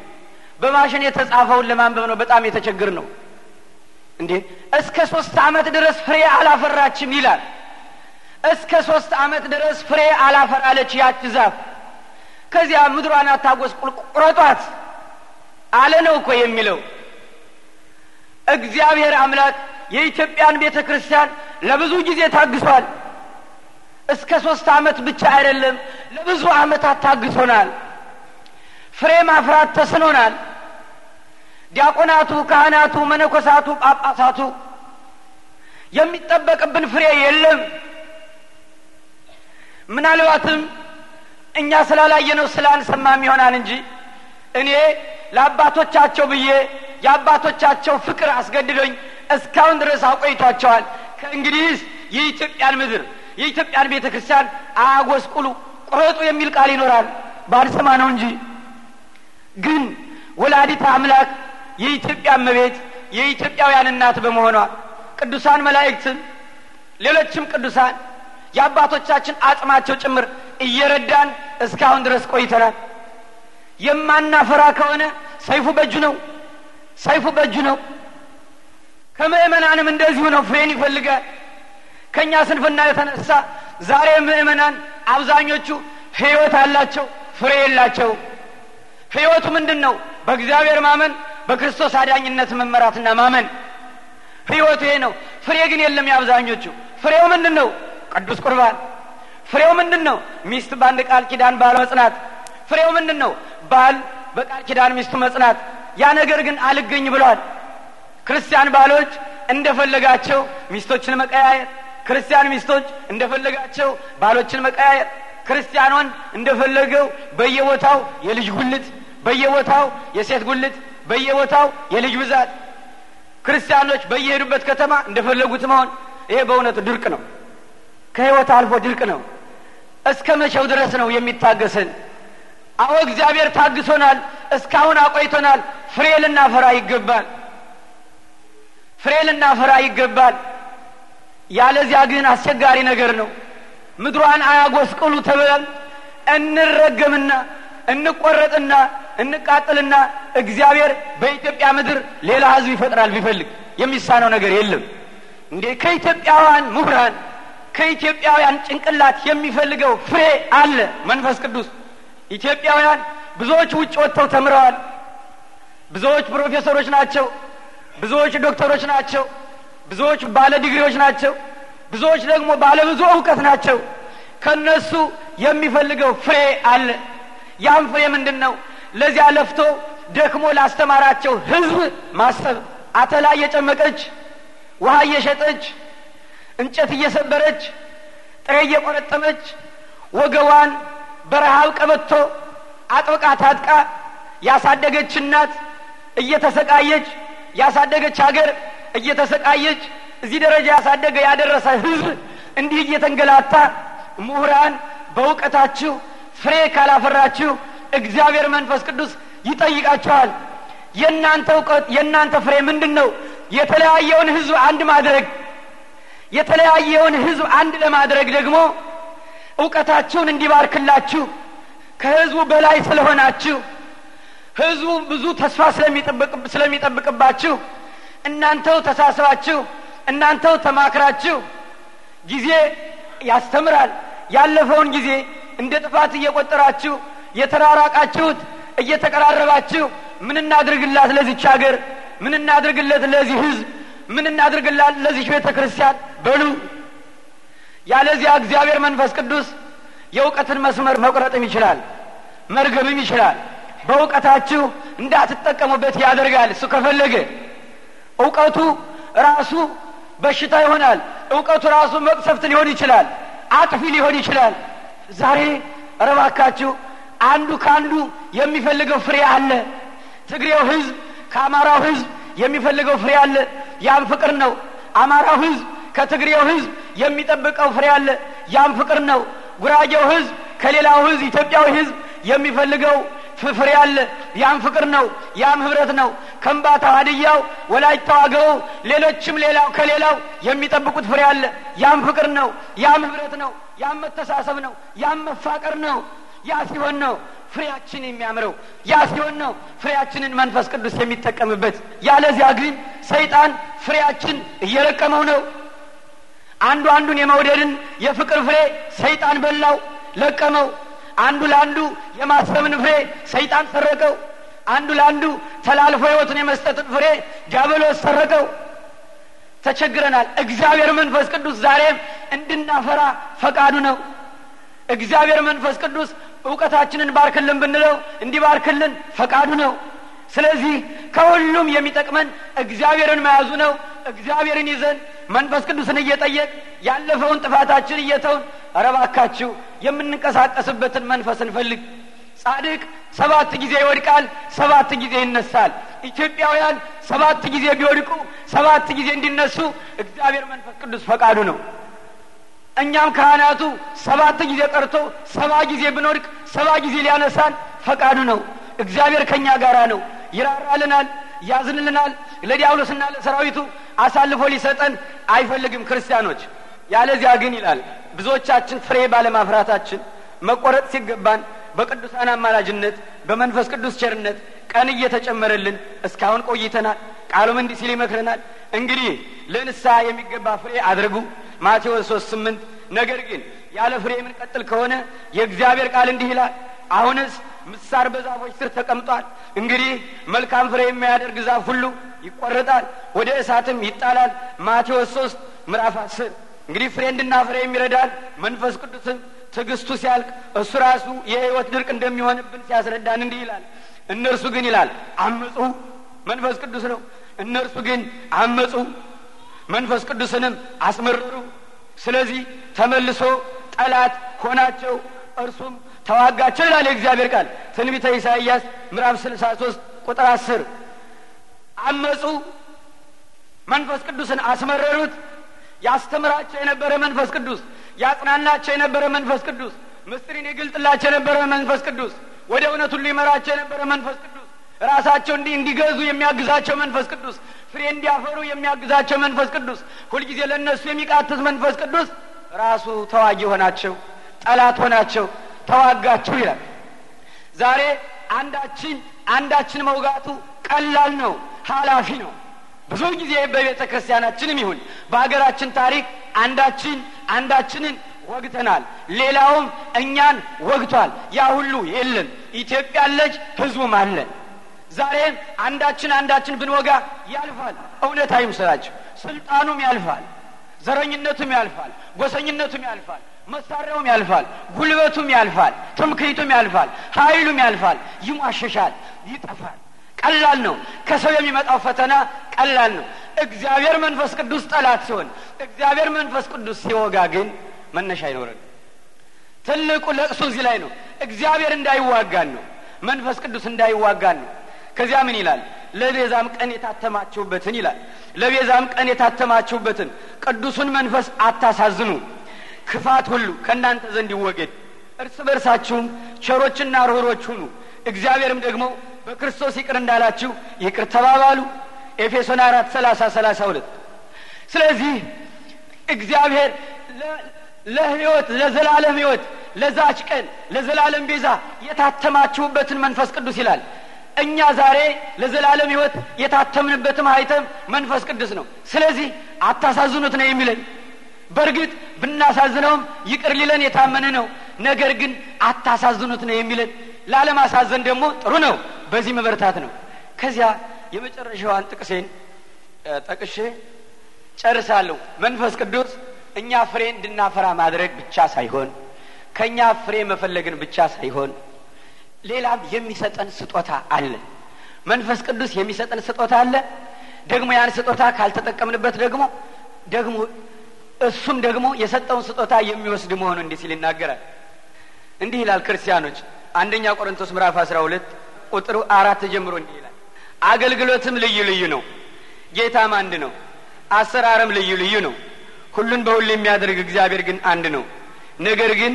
በማሽን የተጻፈውን ለማንበብ ነው በጣም የተቸግር ነው እንዴ። እስከ ሶስት አመት ድረስ ፍሬ አላፈራችም ይላል። እስከ ሶስት አመት ድረስ ፍሬ አላፈራለች ያች ዛፍ። ከዚያ ምድሯን አታጎስ ቁረጧት አለ ነው እኮ የሚለው እግዚአብሔር አምላክ የኢትዮጵያን ቤተ ክርስቲያን ለብዙ ጊዜ ታግሷል። እስከ ሶስት ዓመት ብቻ አይደለም፣ ለብዙ ዓመታት ታግሶናል። ፍሬ ማፍራት ተስኖናል። ዲያቆናቱ፣ ካህናቱ፣ መነኮሳቱ፣ ጳጳሳቱ የሚጠበቅብን ፍሬ የለም። ምናልባትም እኛ ስላላየነው ስላንሰማም ይሆናል እንጂ እኔ ለአባቶቻቸው ብዬ የአባቶቻቸው ፍቅር አስገድዶኝ እስካሁን ድረስ አቆይቷቸዋል። ከእንግዲህ የኢትዮጵያን ምድር የኢትዮጵያን ቤተ ክርስቲያን አያጎስቁሉ፣ ቁረጡ የሚል ቃል ይኖራል። ባልሰማ ነው እንጂ ግን ወላዲት አምላክ የኢትዮጵያ መቤት የኢትዮጵያውያን እናት በመሆኗ ቅዱሳን መላእክትም ሌሎችም ቅዱሳን የአባቶቻችን አጽማቸው ጭምር እየረዳን እስካሁን ድረስ ቆይተናል። የማናፈራ ከሆነ ሰይፉ በእጁ ነው። ሰይፉ በእጁ ነው። ከምእመናንም እንደዚሁ ነው። ፍሬን ይፈልጋል። ከእኛ ስንፍና የተነሳ ዛሬ ምእመናን አብዛኞቹ ሕይወት አላቸው፣ ፍሬ የላቸው። ሕይወቱ ምንድን ነው? በእግዚአብሔር ማመን፣ በክርስቶስ አዳኝነት መመራትና ማመን ሕይወቱ ይሄ ነው። ፍሬ ግን የለም። የአብዛኞቹ ፍሬው ምንድን ነው? ቅዱስ ቁርባን። ፍሬው ምንድን ነው? ሚስት በአንድ ቃል ኪዳን ባል መጽናት። ፍሬው ምንድን ነው? ባል በቃል ኪዳን ሚስቱ መጽናት። ያ ነገር ግን አልገኝ ብሏል። ክርስቲያን ባሎች እንደፈለጋቸው ሚስቶችን መቀያየር፣ ክርስቲያን ሚስቶች እንደፈለጋቸው ባሎችን መቀያየር፣ ክርስቲያን ወንድ እንደፈለገው በየቦታው የልጅ ጉልት፣ በየቦታው የሴት ጉልት፣ በየቦታው የልጅ ብዛት፣ ክርስቲያኖች በየሄዱበት ከተማ እንደፈለጉት መሆን፣ ይሄ በእውነቱ ድርቅ ነው። ከህይወት አልፎ ድርቅ ነው። እስከ መቼው ድረስ ነው የሚታገሰን? አዎ እግዚአብሔር ታግሶናል፣ እስካሁን አቆይቶናል። ፍሬ ልናፈራ ይገባል። ፍሬ ልናፈራ ይገባል። ያለዚያ ግን አስቸጋሪ ነገር ነው። ምድሯን አያጎስቅሉ ተብለን እንረገምና እንቆረጥና እንቃጥልና እግዚአብሔር በኢትዮጵያ ምድር ሌላ ህዝብ ይፈጥራል ቢፈልግ። የሚሳነው ነገር የለም። እንዴ ከኢትዮጵያውያን ምሁራን ከኢትዮጵያውያን ጭንቅላት የሚፈልገው ፍሬ አለ መንፈስ ቅዱስ ኢትዮጵያውያን ብዙዎች ውጭ ወጥተው ተምረዋል። ብዙዎች ፕሮፌሰሮች ናቸው። ብዙዎች ዶክተሮች ናቸው። ብዙዎች ባለ ዲግሪዎች ናቸው። ብዙዎች ደግሞ ባለ ብዙ እውቀት ናቸው። ከነሱ የሚፈልገው ፍሬ አለ። ያም ፍሬ ምንድን ነው? ለዚያ ለፍቶ ደክሞ ላስተማራቸው ሕዝብ ማሰብ። አተላ እየጨመቀች፣ ውሃ እየሸጠች፣ እንጨት እየሰበረች፣ ጥሬ እየቆረጠመች ወገቧን በረሃብ ቀበቶ አጥብቃ ታጥቃ ያሳደገች እናት እየተሰቃየች ያሳደገች ሀገር እየተሰቃየች እዚህ ደረጃ ያሳደገ ያደረሰ ህዝብ እንዲህ እየተንገላታ ምሁራን በእውቀታችሁ ፍሬ ካላፈራችሁ እግዚአብሔር መንፈስ ቅዱስ ይጠይቃችኋል። የእናንተ እውቀት የእናንተ ፍሬ ምንድን ነው? የተለያየውን ህዝብ አንድ ማድረግ የተለያየውን ህዝብ አንድ ለማድረግ ደግሞ እውቀታችሁን እንዲባርክላችሁ ከህዝቡ በላይ ስለሆናችሁ ህዝቡ ብዙ ተስፋ ስለሚጠብቅባችሁ እናንተው ተሳስባችሁ እናንተው ተማክራችሁ ጊዜ ያስተምራል። ያለፈውን ጊዜ እንደ ጥፋት እየቆጠራችሁ የተራራቃችሁት እየተቀራረባችሁ ምን እናድርግላት ለዚች አገር፣ ምን እናድርግለት ለዚህ ህዝብ፣ ምን እናድርግላት ለዚች ቤተ ክርስቲያን በሉ ያለዚያ እግዚአብሔር መንፈስ ቅዱስ የእውቀትን መስመር መቁረጥም ይችላል፣ መርገብም ይችላል። በእውቀታችሁ እንዳትጠቀሙበት ያደርጋል። እሱ ከፈለገ እውቀቱ ራሱ በሽታ ይሆናል። እውቀቱ ራሱ መቅሰፍት ሊሆን ይችላል፣ አጥፊ ሊሆን ይችላል። ዛሬ ረባካችሁ አንዱ ከአንዱ የሚፈልገው ፍሬ አለ። ትግሬው ህዝብ ከአማራው ህዝብ የሚፈልገው ፍሬ አለ። ያም ፍቅር ነው። አማራው ህዝብ ከትግሬው ህዝብ። የሚጠብቀው ፍሬ አለ። ያም ፍቅር ነው። ጉራጌው ህዝብ ከሌላው ህዝብ ኢትዮጵያዊ ህዝብ የሚፈልገው ፍሬ አለ። ያም ፍቅር ነው። ያም ህብረት ነው። ከምባታ፣ ሀድያው፣ ወላጅ አገው ሌሎችም ሌላው ከሌላው የሚጠብቁት ፍሬ አለ። ያም ፍቅር ነው። ያም ህብረት ነው። ያም መተሳሰብ ነው። ያም መፋቀር ነው። ያ ሲሆን ነው ፍሬያችን የሚያምረው። ያ ሲሆን ነው ፍሬያችንን መንፈስ ቅዱስ የሚጠቀምበት። ያለዚያ ግን ሰይጣን ፍሬያችን እየለቀመው ነው። አንዱ አንዱን የመውደድን የፍቅር ፍሬ ሰይጣን በላው፣ ለቀመው። አንዱ ለአንዱ የማሰብን ፍሬ ሰይጣን ሰረቀው። አንዱ ለአንዱ ተላልፎ ህይወቱን የመስጠትን ፍሬ ዲያብሎስ ሰረቀው። ተቸግረናል። እግዚአብሔር መንፈስ ቅዱስ ዛሬም እንድናፈራ ፈቃዱ ነው። እግዚአብሔር መንፈስ ቅዱስ እውቀታችንን ባርክልን ብንለው እንዲባርክልን ፈቃዱ ነው። ስለዚህ ከሁሉም የሚጠቅመን እግዚአብሔርን መያዙ ነው። እግዚአብሔርን ይዘን መንፈስ ቅዱስን እየጠየቅ ያለፈውን ጥፋታችን እየተውን ረባካችሁ የምንንቀሳቀስበትን መንፈስ እንፈልግ። ጻድቅ ሰባት ጊዜ ይወድቃል፣ ሰባት ጊዜ ይነሳል። ኢትዮጵያውያን ሰባት ጊዜ ቢወድቁ ሰባት ጊዜ እንዲነሱ እግዚአብሔር መንፈስ ቅዱስ ፈቃዱ ነው። እኛም ካህናቱ ሰባት ጊዜ ቀርቶ ሰባ ጊዜ ብንወድቅ ሰባ ጊዜ ሊያነሳን ፈቃዱ ነው። እግዚአብሔር ከእኛ ጋር ነው። ይራራልናል፣ ያዝንልናል። ለዲያብሎስና ለሰራዊቱ አሳልፎ ሊሰጠን አይፈልግም ክርስቲያኖች። ያለዚያ ግን ይላል ብዙዎቻችን ፍሬ ባለማፍራታችን መቆረጥ ሲገባን በቅዱሳን አማላጅነት በመንፈስ ቅዱስ ቸርነት ቀን እየተጨመረልን እስካሁን ቆይተናል። ቃሉም እንዲህ ሲል ይመክረናል፣ እንግዲህ ለንሳ የሚገባ ፍሬ አድርጉ ማቴዎስ ሶስት ስምንት ነገር ግን ያለ ፍሬ የምንቀጥል ከሆነ የእግዚአብሔር ቃል እንዲህ ይላል አሁንስ ምሳር በዛፎች ስር ተቀምጧል። እንግዲህ መልካም ፍሬ የሚያደርግ ዛፍ ሁሉ ይቆረጣል፣ ወደ እሳትም ይጣላል። ማቴዎስ ሶስት ምዕራፍ አስር እንግዲህ ፍሬንድና ፍሬ ይረዳል። መንፈስ ቅዱስም ትዕግስቱ ሲያልቅ እሱ ራሱ የህይወት ድርቅ እንደሚሆንብን ሲያስረዳን እንዲህ ይላል። እነርሱ ግን ይላል አመፁ፣ መንፈስ ቅዱስ ነው። እነርሱ ግን አመፁ፣ መንፈስ ቅዱስንም አስመረሩ። ስለዚህ ተመልሶ ጠላት ሆናቸው፣ እርሱም ተዋጋቸው ይላል የእግዚአብሔር ቃል ትንቢተ ኢሳይያስ ምዕራፍ ስልሳ ሶስት ቁጥር አስር አመፁ መንፈስ ቅዱስን አስመረሩት ያስተምራቸው የነበረ መንፈስ ቅዱስ ያጽናናቸው የነበረ መንፈስ ቅዱስ ምስጢሪን የግልጥላቸው የነበረ መንፈስ ቅዱስ ወደ እውነት ሁሉ ይመራቸው የነበረ መንፈስ ቅዱስ ራሳቸው እንዲ እንዲገዙ የሚያግዛቸው መንፈስ ቅዱስ ፍሬ እንዲያፈሩ የሚያግዛቸው መንፈስ ቅዱስ ሁልጊዜ ለእነሱ የሚቃትት መንፈስ ቅዱስ ራሱ ተዋጊ ሆናቸው ጠላት ሆናቸው ተዋጋችሁ ይላል። ዛሬ አንዳችን አንዳችን መውጋቱ ቀላል ነው፣ ሀላፊ ነው። ብዙ ጊዜ በቤተ ክርስቲያናችንም ይሁን በሀገራችን ታሪክ አንዳችን አንዳችንን ወግተናል፣ ሌላውም እኛን ወግቷል። ያ ሁሉ የለም። ኢትዮጵያ ለጅ ህዝቡም አለ። ዛሬም አንዳችን አንዳችን ብንወጋ ያልፋል። እውነት አይምሰላችሁ፣ ስልጣኑም ያልፋል፣ ዘረኝነቱም ያልፋል፣ ጎሰኝነቱም ያልፋል። መሳሪያውም ያልፋል፣ ጉልበቱም ያልፋል፣ ትምክህቱም ያልፋል፣ ኃይሉም ያልፋል፣ ይሟሸሻል፣ ይጠፋል። ቀላል ነው። ከሰው የሚመጣው ፈተና ቀላል ነው። እግዚአብሔር መንፈስ ቅዱስ ጠላት ሲሆን፣ እግዚአብሔር መንፈስ ቅዱስ ሲወጋ ግን መነሻ አይኖረን። ትልቁ ለቅሶ እዚህ ላይ ነው። እግዚአብሔር እንዳይዋጋን ነው። መንፈስ ቅዱስ እንዳይዋጋን ነው። ከዚያ ምን ይላል? ለቤዛም ቀን የታተማችሁበትን ይላል። ለቤዛም ቀን የታተማችሁበትን ቅዱሱን መንፈስ አታሳዝኑ ክፋት ሁሉ ከእናንተ ዘንድ ይወገድ። እርስ በርሳችሁም ቸሮችና ርኅሮች ሁኑ፣ እግዚአብሔርም ደግሞ በክርስቶስ ይቅር እንዳላችሁ ይቅር ተባባሉ። ኤፌሶን አራት ሰላሳ ሰላሳ ሁለት ስለዚህ እግዚአብሔር ለሕይወት ለዘላለም ሕይወት ለዛች ቀን ለዘላለም ቤዛ የታተማችሁበትን መንፈስ ቅዱስ ይላል። እኛ ዛሬ ለዘላለም ሕይወት የታተምንበትም ሀይተም መንፈስ ቅዱስ ነው። ስለዚህ አታሳዝኑት ነው የሚለኝ። በእርግጥ ብናሳዝነውም ይቅር ሊለን የታመነ ነው። ነገር ግን አታሳዝኑት ነው የሚለን። ላለማሳዘን ደግሞ ጥሩ ነው። በዚህ መበርታት ነው። ከዚያ የመጨረሻዋን ጥቅሴን ጠቅሼ ጨርሳለሁ። መንፈስ ቅዱስ እኛ ፍሬ እንድናፈራ ማድረግ ብቻ ሳይሆን ከእኛ ፍሬ መፈለግን ብቻ ሳይሆን ሌላም የሚሰጠን ስጦታ አለ። መንፈስ ቅዱስ የሚሰጠን ስጦታ አለ። ደግሞ ያን ስጦታ ካልተጠቀምንበት ደግሞ ደግሞ እሱም ደግሞ የሰጠውን ስጦታ የሚወስድ መሆኑ እንዲህ ሲል ይናገራል። እንዲህ ይላል ክርስቲያኖች፣ አንደኛ ቆሮንቶስ ምዕራፍ አስራ ሁለት ቁጥሩ አራት ጀምሮ እንዲህ ይላል፣ አገልግሎትም ልዩ ልዩ ነው፣ ጌታም አንድ ነው፣ አሰራርም ልዩ ልዩ ነው። ሁሉን በሁሉ የሚያደርግ እግዚአብሔር ግን አንድ ነው። ነገር ግን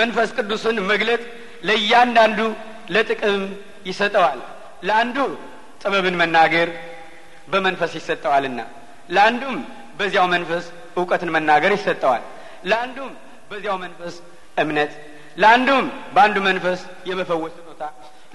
መንፈስ ቅዱስን መግለጥ ለእያንዳንዱ ለጥቅም ይሰጠዋል። ለአንዱ ጥበብን መናገር በመንፈስ ይሰጠዋልና፣ ለአንዱም በዚያው መንፈስ እውቀትን መናገር ይሰጠዋል። ለአንዱም በዚያው መንፈስ እምነት፣ ለአንዱም በአንዱ መንፈስ የመፈወስ ስጦታ፣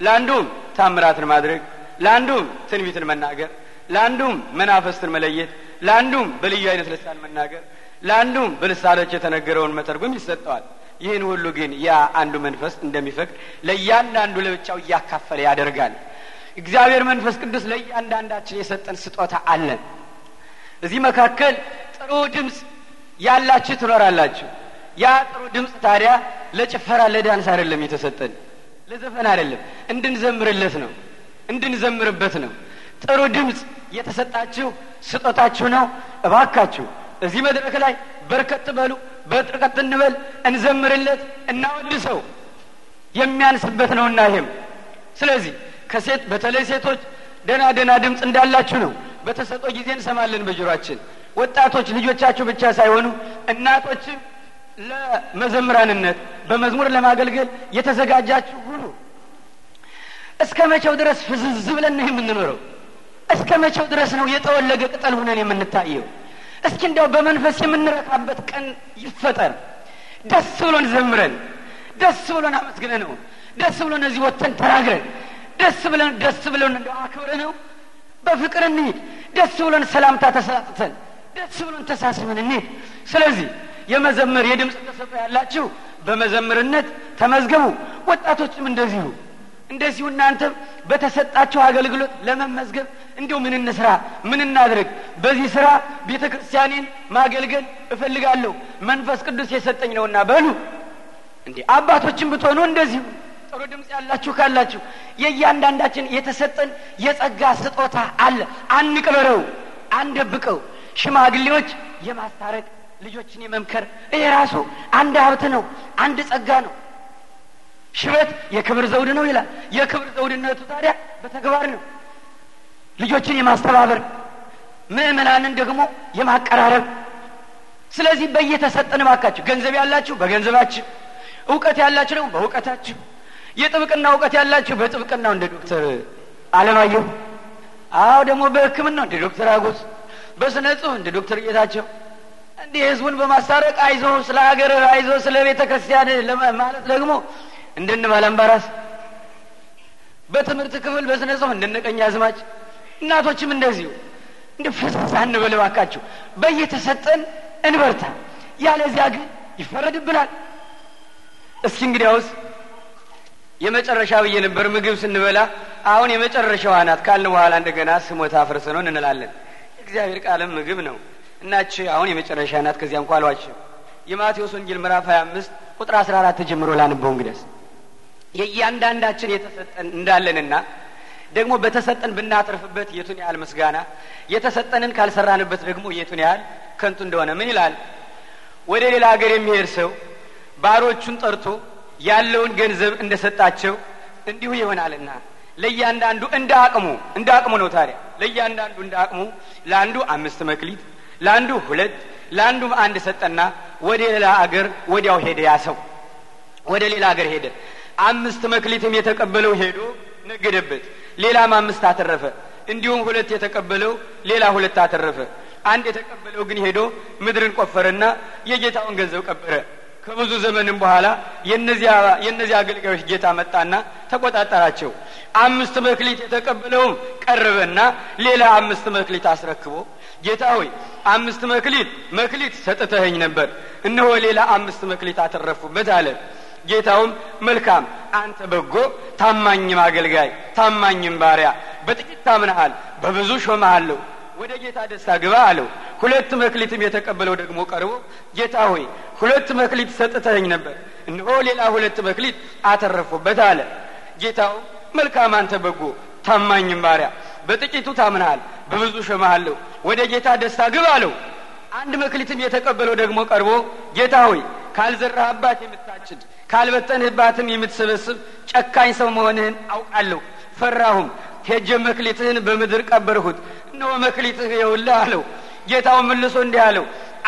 ለአንዱም ታምራትን ማድረግ፣ ለአንዱም ትንቢትን መናገር፣ ለአንዱም መናፈስትን መለየት፣ ለአንዱም በልዩ አይነት ልሳን መናገር፣ ለአንዱም በልሳኖች የተነገረውን መተርጎም ይሰጠዋል። ይህን ሁሉ ግን ያ አንዱ መንፈስ እንደሚፈቅድ ለእያንዳንዱ ለብቻው እያካፈለ ያደርጋል። እግዚአብሔር መንፈስ ቅዱስ ለእያንዳንዳችን የሰጠን ስጦታ አለን። እዚህ መካከል ጥሩ ድምፅ ያላችሁ ትኖራላችሁ። ያ ጥሩ ድምፅ ታዲያ ለጭፈራ ለዳንስ አይደለም የተሰጠን፣ ለዘፈን አይደለም፣ እንድንዘምርለት ነው፣ እንድንዘምርበት ነው። ጥሩ ድምፅ የተሰጣችሁ ስጦታችሁ ነው። እባካችሁ እዚህ መድረክ ላይ በርከት በሉ፣ በጥርቀት እንበል፣ እንዘምርለት፣ እናወድሰው። የሚያንስበት ነውና ይሄም። ስለዚህ ከሴት በተለይ ሴቶች ደና ደና ድምፅ እንዳላችሁ ነው በተሰጦ ጊዜ እንሰማለን በጆሯችን። ወጣቶች ልጆቻችሁ ብቻ ሳይሆኑ እናቶችም ለመዘምራንነት በመዝሙር ለማገልገል የተዘጋጃችሁ ሁኑ። እስከ መቼው ድረስ ፍዝዝ ብለን ነው የምንኖረው? እስከ መቼው ድረስ ነው የጠወለገ ቅጠል ሁነን የምንታየው? እስኪ እንዲያው በመንፈስ የምንረካበት ቀን ይፈጠር። ደስ ብሎን ዘምረን፣ ደስ ብሎን አመስግነ ነው፣ ደስ ብሎን እዚህ ወጥተን ተናግረን፣ ደስ ብለን ደስ ብለን እንዲያው አክብረ ነው በፍቅር እንሂድ። ደስ ብሎን ሰላምታ ተሰጥተን ደስ ብሎን ተሳስበን እንሂድ። ስለዚህ የመዘምር የድምፅ ተሰጥኦ ያላችሁ በመዘምርነት ተመዝገቡ። ወጣቶችም እንደዚሁ እንደዚሁ እናንተም በተሰጣቸው አገልግሎት ለመመዝገብ እንዲሁ ምን እንስራ፣ ምን እናድርግ? በዚህ ስራ ቤተ ክርስቲያኔን ማገልገል እፈልጋለሁ መንፈስ ቅዱስ የሰጠኝ ነውና በሉ። እንዲህ አባቶችም ብትሆኑ እንደዚሁ ጥሩ ድምፅ ያላችሁ ካላችሁ የእያንዳንዳችን የተሰጠን የጸጋ ስጦታ አለ። አንቅበረው፣ አንደብቀው። ሽማግሌዎች የማስታረቅ ልጆችን የመምከር ይሄ ራሱ አንድ ሀብት ነው፣ አንድ ጸጋ ነው። ሽበት የክብር ዘውድ ነው ይላል። የክብር ዘውድነቱ ታዲያ በተግባር ነው። ልጆችን የማስተባበር ምእመናንን ደግሞ የማቀራረብ ስለዚህ በየተሰጠን ባካችሁ ገንዘብ ያላችሁ በገንዘባችሁ እውቀት ያላችሁ ደግሞ በእውቀታችሁ የጥብቅና እውቀት ያላችሁ በጥብቅናው እንደ ዶክተር አለማየሁ፣ አዎ ደግሞ በህክምና እንደ ዶክተር አጎስ፣ በስነ ጽሁፍ እንደ ዶክተር ጌታቸው እንዲህ ህዝቡን በማስታረቅ አይዞ ስለ ሀገር አይዞ ስለ ቤተ ክርስቲያን ማለት ደግሞ እንደነ ባላምባራስ፣ በትምህርት ክፍል በስነ ጽሁፍ እንድንቀኝ ቀኛዝማች፣ እናቶችም እንደዚሁ እንደ ፍስሳ እንበል እባካችሁ። በየተሰጠን እንበርታ፣ ያለዚያ ግን ይፈረድብናል። እስኪ እንግዲያውስ የመጨረሻ ብዬ ነበር። ምግብ ስንበላ አሁን የመጨረሻዋ ናት ካልን በኋላ እንደገና ስሞታ አፍርሰ ነው እንላለን። እግዚአብሔር ቃልም ምግብ ነው እናች አሁን የመጨረሻ ናት። ከዚያ እንኳ አሏቸው። የማቴዎስ ወንጌል ምዕራፍ 25 ቁጥር 14 ተጀምሮ ላንበው። እንግዲያስ የእያንዳንዳችን የተሰጠን እንዳለንና ደግሞ በተሰጠን ብናትርፍበት የቱን ያህል ምስጋና፣ የተሰጠንን ካልሰራንበት ደግሞ የቱን ያህል ከንቱ እንደሆነ ምን ይላል? ወደ ሌላ ሀገር የሚሄድ ሰው ባሮቹን ጠርቶ ያለውን ገንዘብ እንደሰጣቸው እንዲሁ ይሆናልና ለእያንዳንዱ እንደ አቅሙ እንደ አቅሙ ነው። ታዲያ ለእያንዳንዱ እንደ አቅሙ ለአንዱ አምስት መክሊት፣ ለአንዱ ሁለት፣ ለአንዱም አንድ ሰጠና ወደ ሌላ አገር ወዲያው ሄደ። ያሰው ወደ ሌላ አገር ሄደ። አምስት መክሊትም የተቀበለው ሄዶ ነገደበት፣ ሌላም አምስት አተረፈ። እንዲሁም ሁለት የተቀበለው ሌላ ሁለት አተረፈ። አንድ የተቀበለው ግን ሄዶ ምድርን ቆፈረና የጌታውን ገንዘብ ቀበረ። ከብዙ ዘመንም በኋላ የእነዚያ አገልጋዮች ጌታ መጣና ተቆጣጠራቸው። አምስት መክሊት የተቀበለውም ቀረበና ሌላ አምስት መክሊት አስረክቦ ጌታ ሆይ አምስት መክሊት መክሊት ሰጥተኸኝ ነበር፣ እነሆ ሌላ አምስት መክሊት አተረፍኩበት አለ። ጌታውም መልካም አንተ በጎ ታማኝም አገልጋይ ታማኝም ባሪያ፣ በጥቂት ታምነሃል፣ በብዙ ሾመሃለሁ፣ ወደ ጌታ ደስታ ግባ አለው። ሁለት መክሊትም የተቀበለው ደግሞ ቀርቦ ጌታ ሆይ ሁለት መክሊት ሰጥተኝ ነበር፣ እነሆ ሌላ ሁለት መክሊት አተረፉበት አለ። ጌታው መልካም አንተ በጎ ታማኝም ባሪያ፣ በጥቂቱ ታምናሃል፣ በብዙ ሸማሃለሁ፣ ወደ ጌታ ደስታ ግብ አለው። አንድ መክሊትም የተቀበለው ደግሞ ቀርቦ ጌታ ሆይ ካልዘራህባት የምታጭድ ካልበጠንህባትም የምትሰበስብ ጨካኝ ሰው መሆንህን አውቃለሁ፣ ፈራሁም ሄጀ መክሊትህን በምድር ቀበርሁት፣ እነሆ መክሊትህ የውላ አለው። ጌታው መልሶ እንዲህ አለው፣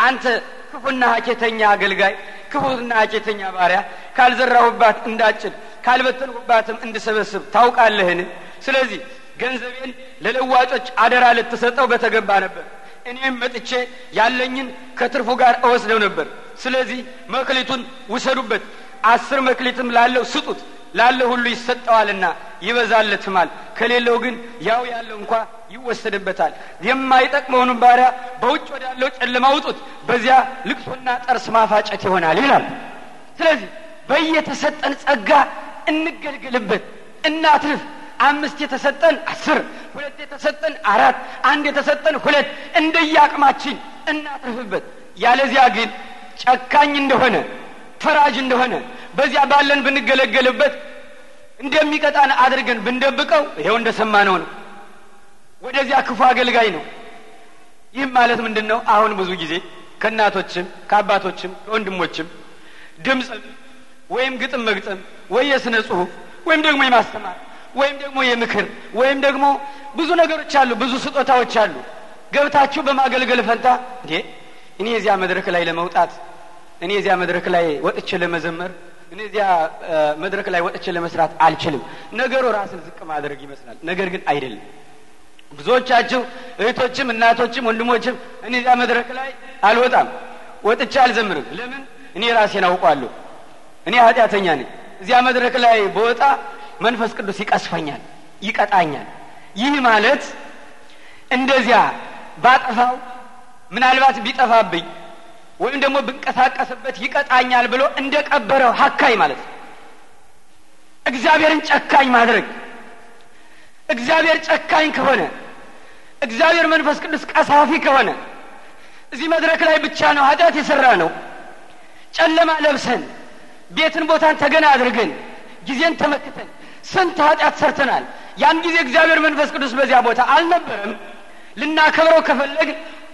አንተ ክፉና ሀኬተኛ አገልጋይ፣ ክፉና ሀኬተኛ ባሪያ፣ ካልዘራሁባት እንዳጭድ ካልበተንሁባትም እንድሰበስብ ታውቃለህን? ስለዚህ ገንዘቤን ለለዋጮች አደራ ልትሰጠው በተገባ ነበር። እኔም መጥቼ ያለኝን ከትርፉ ጋር እወስደው ነበር። ስለዚህ መክሊቱን ውሰዱበት፣ አስር መክሊትም ላለው ስጡት ላለ ሁሉ ይሰጠዋልና ይበዛለትማል፣ ከሌለው ግን ያው ያለው እንኳ ይወሰድበታል። የማይጠቅመውንም ባሪያ በውጭ ወዳለው ጨለማ አውጡት፣ በዚያ ልቅሶና ጠርስ ማፋጨት ይሆናል ይላል። ስለዚህ በየተሰጠን ጸጋ እንገልግልበት እናትርፍ። አምስት የተሰጠን አስር፣ ሁለት የተሰጠን አራት፣ አንድ የተሰጠን ሁለት፣ እንደየአቅማችን እናትርፍበት። ያለዚያ ግን ጨካኝ እንደሆነ ፈራጅ እንደሆነ በዚያ ባለን ብንገለገልበት እንደሚቀጣን አድርገን ብንደብቀው ይኸው እንደሰማነው ነው። ወደዚያ ክፉ አገልጋይ ነው። ይህም ማለት ምንድን ነው? አሁን ብዙ ጊዜ ከእናቶችም ከአባቶችም ከወንድሞችም ድምፅ ወይም ግጥም መግጥም ወይ የስነ ጽሁፍ ወይም ደግሞ የማስተማር ወይም ደግሞ የምክር ወይም ደግሞ ብዙ ነገሮች አሉ፣ ብዙ ስጦታዎች አሉ። ገብታችሁ በማገልገል ፈንታ እንዴ እኔ የዚያ መድረክ ላይ ለመውጣት እኔ የዚያ መድረክ ላይ ወጥቼ ለመዘመር እኔ እዚያ መድረክ ላይ ወጥቼ ለመስራት አልችልም። ነገሩ ራስን ዝቅ ማድረግ ይመስላል፣ ነገር ግን አይደለም። ብዙዎቻችሁ እህቶችም፣ እናቶችም፣ ወንድሞችም እኔ እዚያ መድረክ ላይ አልወጣም፣ ወጥቼ አልዘምርም። ለምን? እኔ ራሴን አውቋለሁ። እኔ ኃጢአተኛ ነኝ። እዚያ መድረክ ላይ በወጣ መንፈስ ቅዱስ ይቀስፈኛል፣ ይቀጣኛል። ይህ ማለት እንደዚያ ባጠፋው ምናልባት ቢጠፋብኝ ወይም ደግሞ ብንቀሳቀስበት ይቀጣኛል ብሎ እንደ ቀበረው ሀካይ ማለት ነው። እግዚአብሔርን ጨካኝ ማድረግ። እግዚአብሔር ጨካኝ ከሆነ እግዚአብሔር መንፈስ ቅዱስ ቀሳፊ ከሆነ እዚህ መድረክ ላይ ብቻ ነው ኃጢአት የሠራ ነው። ጨለማ ለብሰን ቤትን ቦታን ተገና አድርገን ጊዜን ተመክተን ስንት ኃጢአት ሰርተናል። ያን ጊዜ እግዚአብሔር መንፈስ ቅዱስ በዚያ ቦታ አልነበረም። ልናከብረው ከፈለግ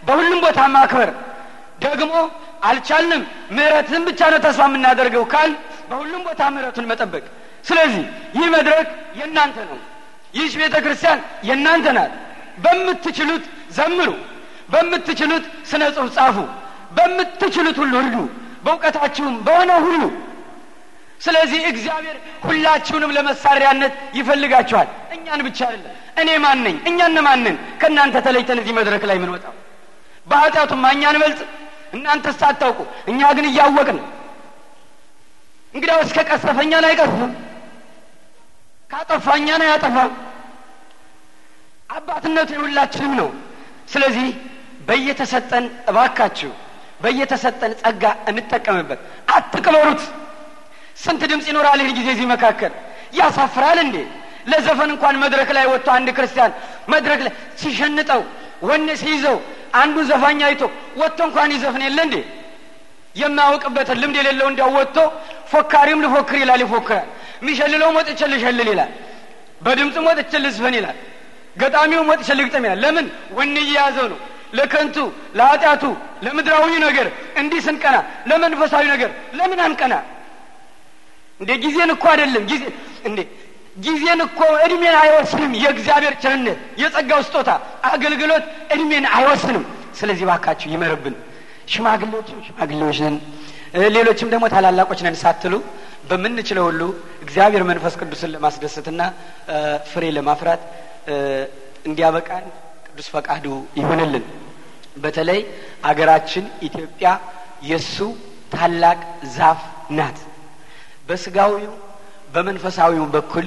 በሁሉም ቦታ ማክበር ደግሞ አልቻልንም ምህረትን ብቻ ነው ተስፋ የምናደርገው ካል በሁሉም ቦታ ምህረቱን መጠበቅ ስለዚህ ይህ መድረክ የእናንተ ነው ይህች ቤተ ክርስቲያን የእናንተ ናት በምትችሉት ዘምሩ በምትችሉት ስነ ጽሁፍ ጻፉ በምትችሉት ሁሉ እርዱ በእውቀታችሁም በሆነ ሁሉ ስለዚህ እግዚአብሔር ሁላችሁንም ለመሳሪያነት ይፈልጋችኋል እኛን ብቻ አይደለም እኔ ማን ነኝ እኛን ማንን ከእናንተ ተለይተን እዚህ መድረክ ላይ ምንወጣው በኃጢአቱም እኛ አንበልጥ እናንተ አታውቁ፣ እኛ ግን እያወቅን። እስከ ቀሰፈኛ ላይ አይቀስፍም፣ ካጠፋኛ ነው አያጠፋም። አባትነቱ የሁላችንም ነው። ስለዚህ በየተሰጠን እባካችሁ በየተሰጠን ጸጋ እንጠቀምበት፣ አትቅበሩት። ስንት ድምፅ ይኖራል ይህን ጊዜ እዚህ መካከል ያሳፍራል እንዴ! ለዘፈን እንኳን መድረክ ላይ ወጥቶ አንድ ክርስቲያን መድረክ ላይ ሲሸንጠው ወኔ ሲይዘው አንዱን ዘፋኝ አይቶ ወጥቶ እንኳን ይዘፍን የለ እንዴ? የማያውቅበትን ልምድ የሌለው እንዲያው ወጥቶ ፎካሪም ልፎክር ይላል፣ ይፎክራል። የሚሸልለውም ወጥቼ ልሸልል ይላል። በድምፅም ወጥቼ ልዝፈን ይላል። ገጣሚውም ወጥቼ ልግጥም ይላል። ለምን ወኔ እየያዘው ነው። ለከንቱ ለአጣቱ ለምድራዊ ነገር እንዲህ ስንቀና፣ ለመንፈሳዊ ነገር ለምን አንቀና? እንዴ ጊዜን እኮ አይደለም ጊዜ እንዴ ጊዜን እኮ እድሜን አይወስንም። የእግዚአብሔር ቸርነት፣ የጸጋው ስጦታ፣ አገልግሎት እድሜን አይወስንም። ስለዚህ ባካችሁ ይመርብን። ሽማግሌዎችም ሽማግሌዎች ነን፣ ሌሎችም ደግሞ ታላላቆች ነን ሳትሉ በምንችለው ሁሉ እግዚአብሔር መንፈስ ቅዱስን ለማስደሰትና ፍሬ ለማፍራት እንዲያበቃን ቅዱስ ፈቃዱ ይሆንልን። በተለይ አገራችን ኢትዮጵያ የእሱ ታላቅ ዛፍ ናት። በስጋዊው በመንፈሳዊው በኩል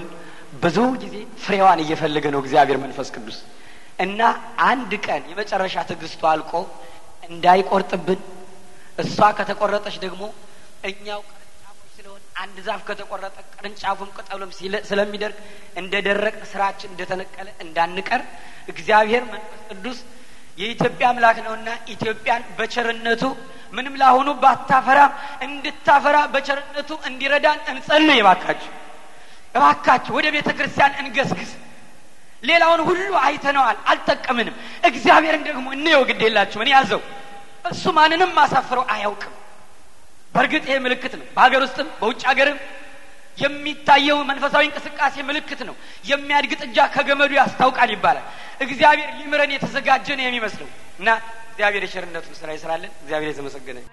ብዙ ጊዜ ፍሬዋን እየፈለገ ነው እግዚአብሔር መንፈስ ቅዱስ እና አንድ ቀን የመጨረሻ ትዕግስቱ አልቆ እንዳይቆርጥብን እሷ ከተቆረጠች ደግሞ እኛው ቅርንጫፎች ስለሆን አንድ ዛፍ ከተቆረጠ ቅርንጫፉም ቅጠሉም ስለሚደርግ እንደ ደረቅ ስራችን እንደተነቀለ እንዳንቀር እግዚአብሔር መንፈስ ቅዱስ የኢትዮጵያ አምላክ ነውና ኢትዮጵያን በቸርነቱ ምንም ላሁኑ ባታፈራም እንድታፈራ በቸርነቱ እንዲረዳን እንጸልይ ባካችሁ። እባካችሁ ወደ ቤተ ክርስቲያን እንገስግስ። ሌላውን ሁሉ አይተነዋል፣ አልጠቀምንም። እግዚአብሔርን ደግሞ እንየው። ግድ የላችሁ ያዘው። እሱ ማንንም ማሳፍረው አያውቅም። በእርግጥ ይሄ ምልክት ነው። በሀገር ውስጥም በውጭ ሀገርም የሚታየው መንፈሳዊ እንቅስቃሴ ምልክት ነው። የሚያድግ ጥጃ ከገመዱ ያስታውቃል ይባላል። እግዚአብሔር ሊምረን የተዘጋጀ ነው የሚመስለው እና እግዚአብሔር የሸርነቱን ስራ ይስራለን። እግዚአብሔር የተመሰገነ